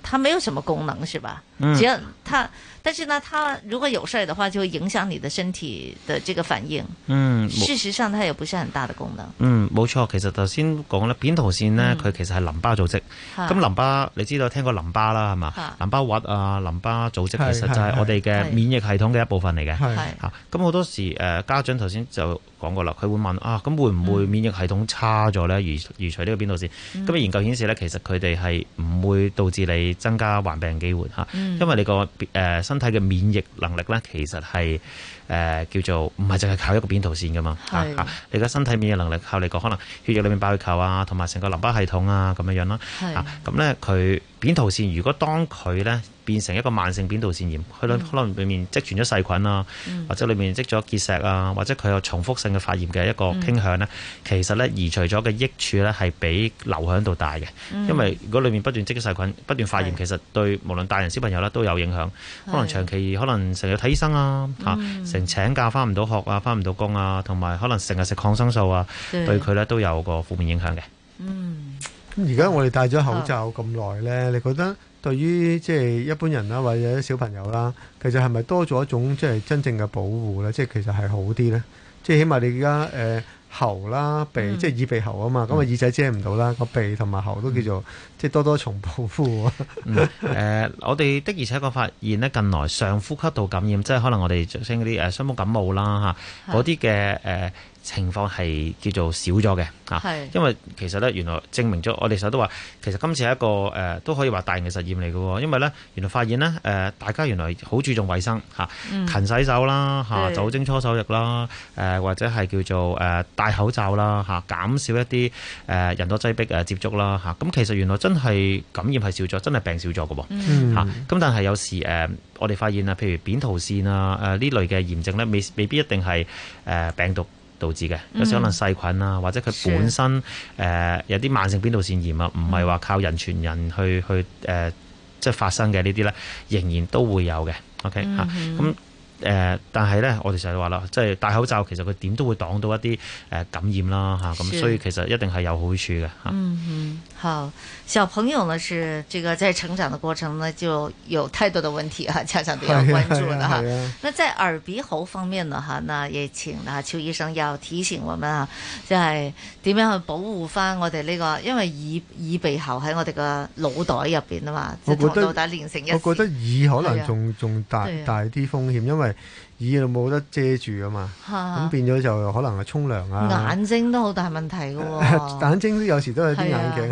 它沒有什麼功能，是吧？嗯、只要它，但是呢，它如果有事的話，就會影響你的身體的這個反應。嗯。事實上，它也不是很大的功能。嗯，冇錯。其實頭先講咧，扁桃腺呢，佢其實係淋巴組織。咁、嗯、淋巴，是你知道聽過淋巴啦係嘛？是吧是淋巴核啊，淋巴組織其實就係我哋嘅免疫系統嘅一部分嚟嘅。吓，咁好、啊、多時誒、呃，家長頭先就講過啦，佢會問啊，咁會唔會免疫系統差咗咧？如如除呢、這個扁桃腺？咁、嗯、研究顯示咧，其實佢哋係唔會導致你。增加患病機會嚇，嗯、因為你個誒身體嘅免疫能力咧，其實係誒、呃、叫做唔係淨係靠一個扁桃腺㗎嘛，嚇，你個身體免疫能力靠你個可能血液裡面白血球啊，同埋成個淋巴系統啊咁樣樣啦，嚇，咁咧佢扁桃腺如果當佢咧。變成一個慢性扁桃腺炎，佢可能裏面積存咗細菌啊、嗯，或者裏面積咗結石啊，或者佢有重複性嘅發炎嘅一個傾向呢。嗯、其實呢，移除咗嘅益處呢，係比留響度大嘅，因為如果裏面不斷積積細菌、不斷發炎，的其實對無論大人小朋友呢都有影響，的可能長期可能成日睇醫生啊，嚇成、嗯、請假翻唔到學啊，翻唔到工啊，同埋可能成日食抗生素啊，對佢呢都有個負面影響嘅。嗯，而家我哋戴咗口罩咁耐呢，哦、你覺得？對於即係一般人啦，或者小朋友啦，其實係咪多咗一種即係真正嘅保護咧？即係其實係好啲咧，即係起碼你而家誒喉啦鼻，即係耳鼻喉啊嘛，咁啊耳仔遮唔到啦，個鼻同埋喉都叫做即係多多重保護。誒、 嗯呃，我哋的而且確發現咧，近來上呼吸道感染，即係可能我哋俗稱嗰啲誒傷風感冒啦嚇，嗰啲嘅誒。呃情況係叫做少咗嘅嚇，是因為其實咧原來證明咗，我哋成日都話，其實今次係一個誒、呃、都可以話大型嘅實驗嚟嘅，因為咧原來發現咧誒、呃、大家原來好注重衞生嚇、啊，勤洗手啦嚇，啊、是酒精搓手液啦誒、呃，或者係叫做誒、呃、戴口罩啦嚇，減、啊、少一啲誒、呃、人多擠迫誒接觸啦嚇，咁、啊、其實原來真係感染係少咗，真係病少咗嘅喎嚇，咁但係有時誒、呃、我哋發現啊，譬如扁桃腺啊誒呢、呃、類嘅炎症咧，未未必一定係誒、呃、病毒。導致嘅，有時可能細菌啊，或者佢本身誒、嗯呃、有啲慢性扁桃腺炎啊，唔係話靠人傳人去去誒、呃、即係發生嘅呢啲咧，仍然都會有嘅。OK 嚇、嗯哼，咁誒、啊呃，但係咧，我哋成日都話啦，即、就、係、是、戴口罩其實佢點都會擋到一啲誒、呃、感染啦嚇，咁、啊、是所以其實一定係有好處嘅嚇。啊嗯好，小朋友呢是這個在成長的過程呢就有太多的問題啊，家長都要關注的哈。啊啊啊、那在耳鼻喉方面呢，那也請啊邱醫生要提醒我們啊，即係點樣去保護翻我哋呢、這個，因為耳耳鼻喉喺我哋個腦袋入邊啊嘛。我覺得就我覺得耳可能仲仲大、啊、大啲風險，因為。耳就冇得遮住啊嘛，咁變咗就可能係沖涼啊，眼睛都好大問題嘅喎，眼睛都有時都有啲眼鏡，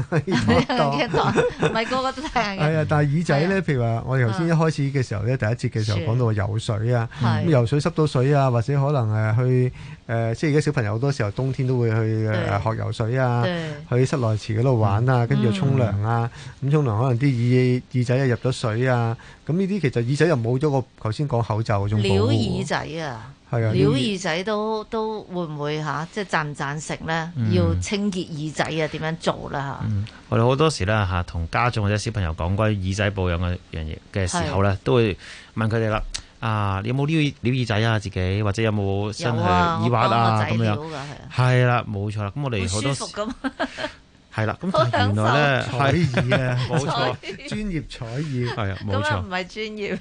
唔係個個都戴眼鏡，係啊，但係耳仔咧，譬如話我哋頭先一開始嘅時候咧，呀第一節嘅時候講到話游水啊，咁游、嗯嗯、水濕到水啊，或者可能誒、啊、去。誒，即係而家小朋友好多時候冬天都會去學游水啊，去室內池嗰度玩啊，跟住又沖涼啊。咁沖涼可能啲耳耳仔又入咗水啊。咁呢啲其實耳仔又冇咗個頭先講口罩嗰種保護。撩耳仔啊，撩對耳仔都、嗯、都會唔會嚇，即係贊唔贊成咧？嗯、要清潔耳仔啊，點樣做啦嚇、嗯？我哋好多時咧嚇，同家長或者小朋友講關於耳仔保養嘅樣嘢嘅時候咧，是都會問佢哋啦。啊！你有冇撩，撩耳耳仔啊？自己或者有冇身體耳挖啊？咁、啊、樣係啦，冇錯啦。咁我哋好多時係啦。咁 原來咧，彩耳咧冇錯，專是 業彩耳係啊，冇錯 錯。唔係專業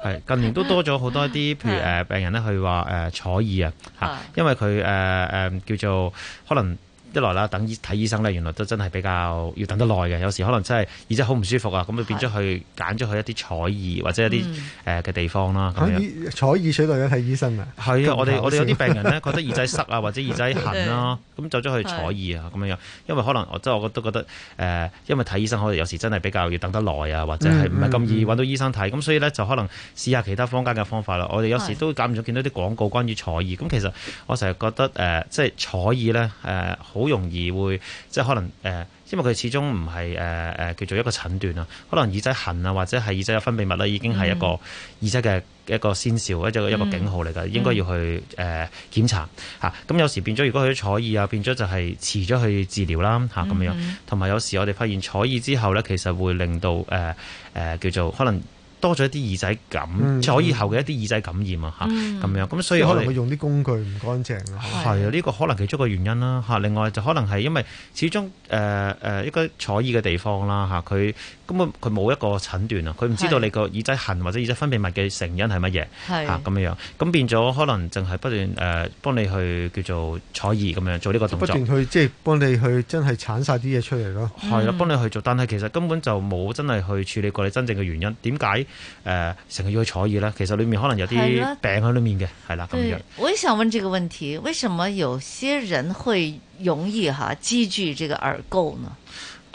係。 近年都多咗好多啲，譬如誒病人咧去話誒採耳啊吓，因為佢誒誒叫做可能。一來啦，等醫睇醫生咧，原來都真係比較要等得耐嘅。有時可能真係耳仔好唔舒服啊，咁就變咗去揀咗去一啲採耳或者一啲誒嘅地方啦。咁樣耳採耳取代咗睇醫生啊？係啊的，我哋我哋有啲病人咧覺得耳仔塞啊， 或者耳仔痕啦，咁走咗去採耳啊，咁樣對的樣。因為可能我即係我都覺得誒、呃，因為睇醫生可能有時真係比較要等得耐啊，或者係唔係咁易揾到醫生睇。咁、嗯嗯、所以咧就可能試下其他坊間嘅方法啦。我哋有時都揀唔到見到啲廣告關於採耳。咁的其實我成日覺得誒，即係採耳咧誒好。呃好容易會即係可能誒，因為佢始終唔係誒誒叫做一個診斷啊，可能耳仔痕啊，或者係耳仔有分泌物咧，已經係一個、mm hmm. 耳仔嘅一個先兆或一、mm hmm. 一個警號嚟㗎，應該要去誒、呃 mm hmm. 檢查嚇。咁有時變咗，如果佢採耳啊，變咗就係遲咗去治療啦嚇咁樣。同埋、mm hmm. 有、有時我哋發現採耳之後咧，其實會令到誒誒、呃呃、叫做可能。多咗一啲耳仔感，坐耳、嗯、後嘅一啲耳仔感染啊嚇，咁、嗯、樣咁所以可能會用啲工具唔乾淨啊，係啊，呢個可能其中一個原因啦嚇，另外就可能係因為始終誒誒、呃呃、一個坐耳嘅地方啦嚇，佢。根本佢冇一個診斷啊，佢唔知道你個耳仔痕或者耳仔分泌物嘅成因係乜嘢嚇咁樣樣，咁變咗可能淨係不斷誒、呃、幫你去叫做採耳咁樣做呢個動作，不斷去即係、就是、幫你去真係剷晒啲嘢出嚟咯。係啦，幫你去做，但係其實根本就冇真係去處理過你真正嘅原因，點解誒成日要去採耳咧？其實裏面可能有啲病喺裏面嘅，係啦咁樣。我也想問這個問題，為什麼有些人會容易哈、啊、積聚這個耳垢呢？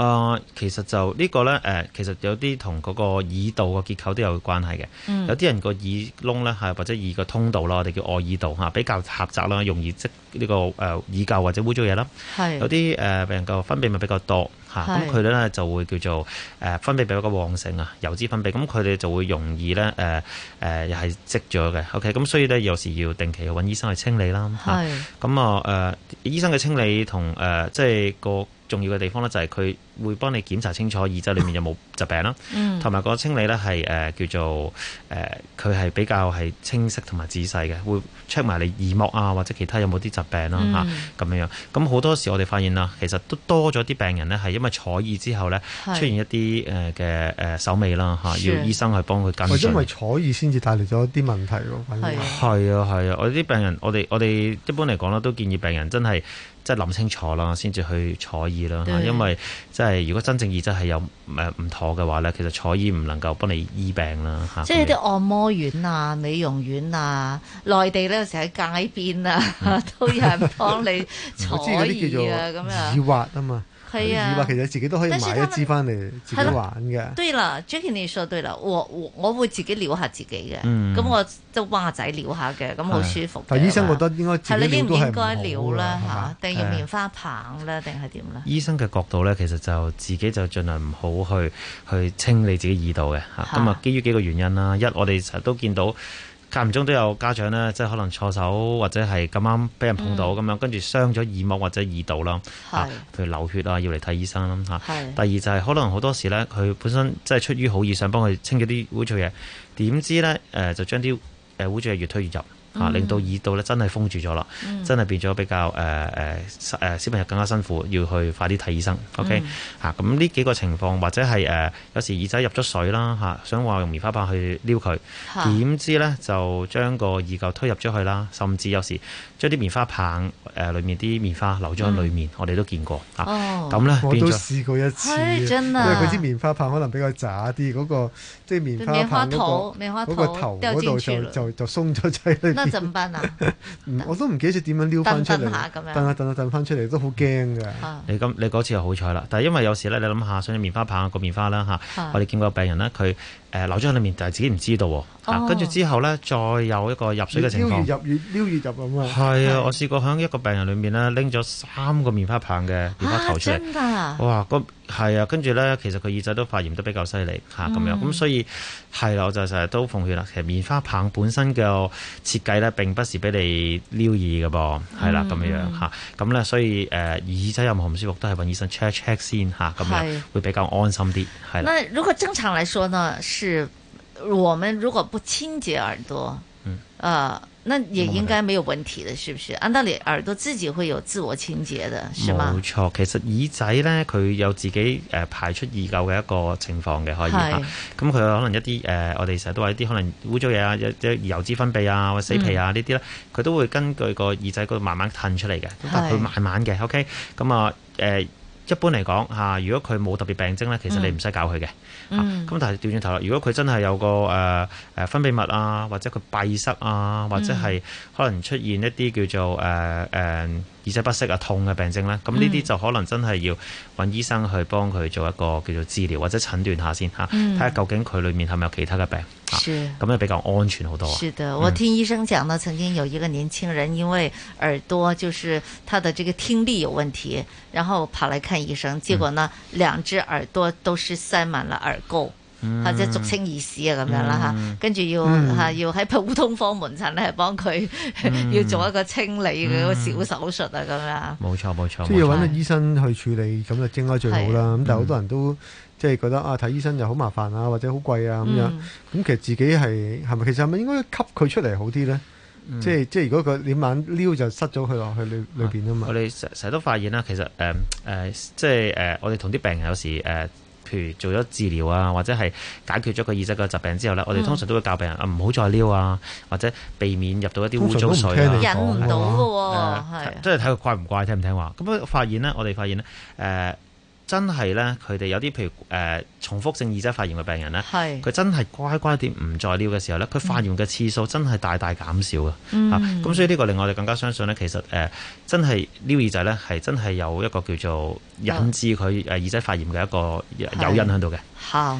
啊、呃，其實就、這個、呢個咧，誒、呃，其實有啲同嗰個耳道嘅結構都有關係嘅。嗯、有啲人個耳窿咧，係或者耳個通道啦，我哋叫外耳道嚇、啊，比較狹窄啦、啊，容易積、這、呢個誒耳垢或者污糟嘢啦。係是。有啲誒、呃、病人嘅分泌物比較多嚇，咁佢咧就會叫做誒、呃、分泌比較旺盛啊，油脂分泌，咁佢哋就會容易咧誒誒又係積咗嘅。OK，咁所以咧有時要定期去揾醫生去清理啦。係、啊。咁是啊誒、呃，醫生嘅清理同誒、呃、即係個重要嘅地方咧，就係佢。會幫你檢查清楚耳仔裏面有冇疾病啦，同埋、嗯、個清理咧係誒叫做誒佢係比較係清晰同埋仔細嘅，會 check 埋你耳膜啊或者其他有冇啲疾病啦嚇咁樣樣。咁好多時我哋發現啦，其實都多咗啲病人咧係因為坐耳之後咧是出現一啲誒嘅誒手尾啦嚇，要醫生去幫佢跟。係因為坐耳先至帶嚟咗啲問題喎，係啊係啊！我啲病人，我哋我哋一般嚟講咧都建議病人真係即係諗清楚啦，先至去坐耳啦對因為真係。即係誒，如果真正意質係有誒唔、呃、妥嘅話咧，其實坐醫唔能夠幫你醫病啦吓。即係啲按摩院啊、美容院啊，內地咧成日喺街邊啊，都有人幫你坐醫啊咁樣。以 滑啊嘛。係啊，或者其實自己都可以買一支翻嚟自己玩嘅、啊啊。對啦，Jacky 你說對啦，我我我會自己撩下自己嘅，咁、嗯、我就話仔撩下嘅，咁好舒服、啊。但係醫生覺得應該自己係冇、啊。你應唔應該撩咧嚇？定用棉花棒咧？定係點咧？啊、呢醫生嘅角度咧，其實就自己就盡量唔好去去清理自己耳道嘅嚇。咁啊，基於幾個原因啦，一我哋成日都見到。間唔中都有家長咧，即係可能錯手或者係咁啱俾人碰到咁樣，跟住傷咗耳膜或者耳道啦，啊是，譬如流血啊，要嚟睇醫生啦，嚇是。第二就係、是、可能好多時咧，佢本身即係出於好意想幫佢清咗啲污糟嘢，點知咧，誒就將啲誒污糟嘢越推越入。嚇，令到耳道咧真係封住咗啦，嗯、真係變咗比較誒誒誒小朋友更加辛苦，要去快啲睇醫生。OK 嚇、嗯，咁呢幾個情況或者係誒、呃、有時耳仔入咗水啦嚇，想話用棉花棒去撩佢，點、嗯、知咧就將個耳垢推入咗去啦，甚至有時。將啲棉花棒誒裡面啲棉花留咗喺裡面，裡面嗯、我哋都見過嚇。咁咧變咗，我都試過一次，真係因為嗰啲棉花棒可能比較渣啲，嗰、嗰個即係棉花棒嗰、嗰個嗰個頭嗰度就了就就鬆咗仔。那怎麼辦啊？ 我都唔記得點樣撩翻出嚟。等下等下扽翻出嚟都好驚㗎。的你咁你嗰次又好彩啦，但係因為有時咧，你諗下，所以棉花棒個棉花啦嚇，的我哋見過病人咧，佢。誒、呃、留咗喺裡面，但係自己唔知道喎。跟住、哦啊、之後咧，再有一個入水嘅情況。入撩入入咁啊！係啊，我試過喺一個病人裏面咧拎咗三個棉花棒嘅棉花球出嚟。啊、哇！係啊，跟住咧，其實佢耳仔都發炎得比較犀利吓，咁樣、嗯，咁、啊、所以係啦、啊，我就成日都奉勸啦，其實棉花棒本身嘅設計咧，並不是俾你撩耳嘅噃，係啦咁樣吓，咁咧、啊嗯啊，所以誒、呃、耳仔任何唔舒服都係搵醫生 check check 先吓，咁、啊、樣、啊、是會比較安心啲。係、啊。那如果正常來說呢，是我們如果不清潔耳朵，嗯，誒、呃。那也應該沒有問題的，是不是？按道理耳朵自己會有自我清潔的，是嗎？冇錯，其實耳仔呢，佢有自己誒排出耳垢嘅一個情況嘅，可以咁佢是、啊、可能一啲誒、呃、我哋成日都話一啲可能污糟嘢啊，油脂分泌啊或死皮啊呢啲咧，佢、嗯、都會根據個耳仔嗰度慢慢褪出嚟嘅，是但佢慢慢嘅，OK，咁啊誒。呃一般嚟講嚇，如果佢冇特別病徵咧，其實你唔使搞佢嘅。咁、嗯嗯啊、但係調轉頭啦，如果佢真係有個誒誒、呃呃、分泌物啊，或者佢閉塞啊，或者係可能出現一啲叫做誒誒。呃呃耳仔不適啊、痛嘅病症啦，咁呢啲就可能真係要揾醫生去幫佢做一個叫做治療或者診斷下先吓，睇、啊、下究竟佢裏面係咪有其他嘅病。咁、啊、咧是比較安全好多、啊。是的，我聽醫生講呢，嗯、曾經有一個年輕人因為耳朵就是他的這個聽力有問題，然後跑嚟看醫生，結果呢兩隻、嗯、耳朵都是塞滿了耳垢。或者俗稱耳屎啊咁樣啦吓，嗯、跟住要吓、嗯、要喺普通科門診咧幫佢、嗯、要做一個清理嘅、嗯、小手術啊咁樣。冇錯冇錯，即係揾個醫生去處理咁是就應該最好啦。咁是但係好多人都即係覺得、嗯、啊睇醫生就好麻煩啊或者好貴啊咁、嗯、樣。咁其實自己係係咪其實係咪應該吸佢出嚟好啲咧、嗯？即係即係如果佢你猛撩就塞咗佢落去裏裏邊啊嘛。我哋成日都發現啦，其實誒誒、呃呃、即係誒、呃、我哋同啲病人有時誒。呃譬如做咗治療啊，或者係解決咗個耳仔個疾病之後咧，嗯、我哋通常都會教病人啊，唔好再撩啊，或者避免入到一啲污糟水啊，忍唔到嘅喎，即係睇佢乖唔乖，聽唔聽話。咁樣發現咧，我哋發現咧，誒、呃。真係咧，佢哋有啲譬如誒、呃、重複性耳仔發炎嘅病人咧，佢是真係乖乖啲唔再撩嘅時候咧，佢發炎嘅次數真係大大減少嘅。嗯，咁、啊、所以呢個令我哋更加相信咧，其實誒、呃、真係撩耳仔咧係真係有一個叫做引致佢誒耳仔發炎嘅一個誘因喺度嘅。好。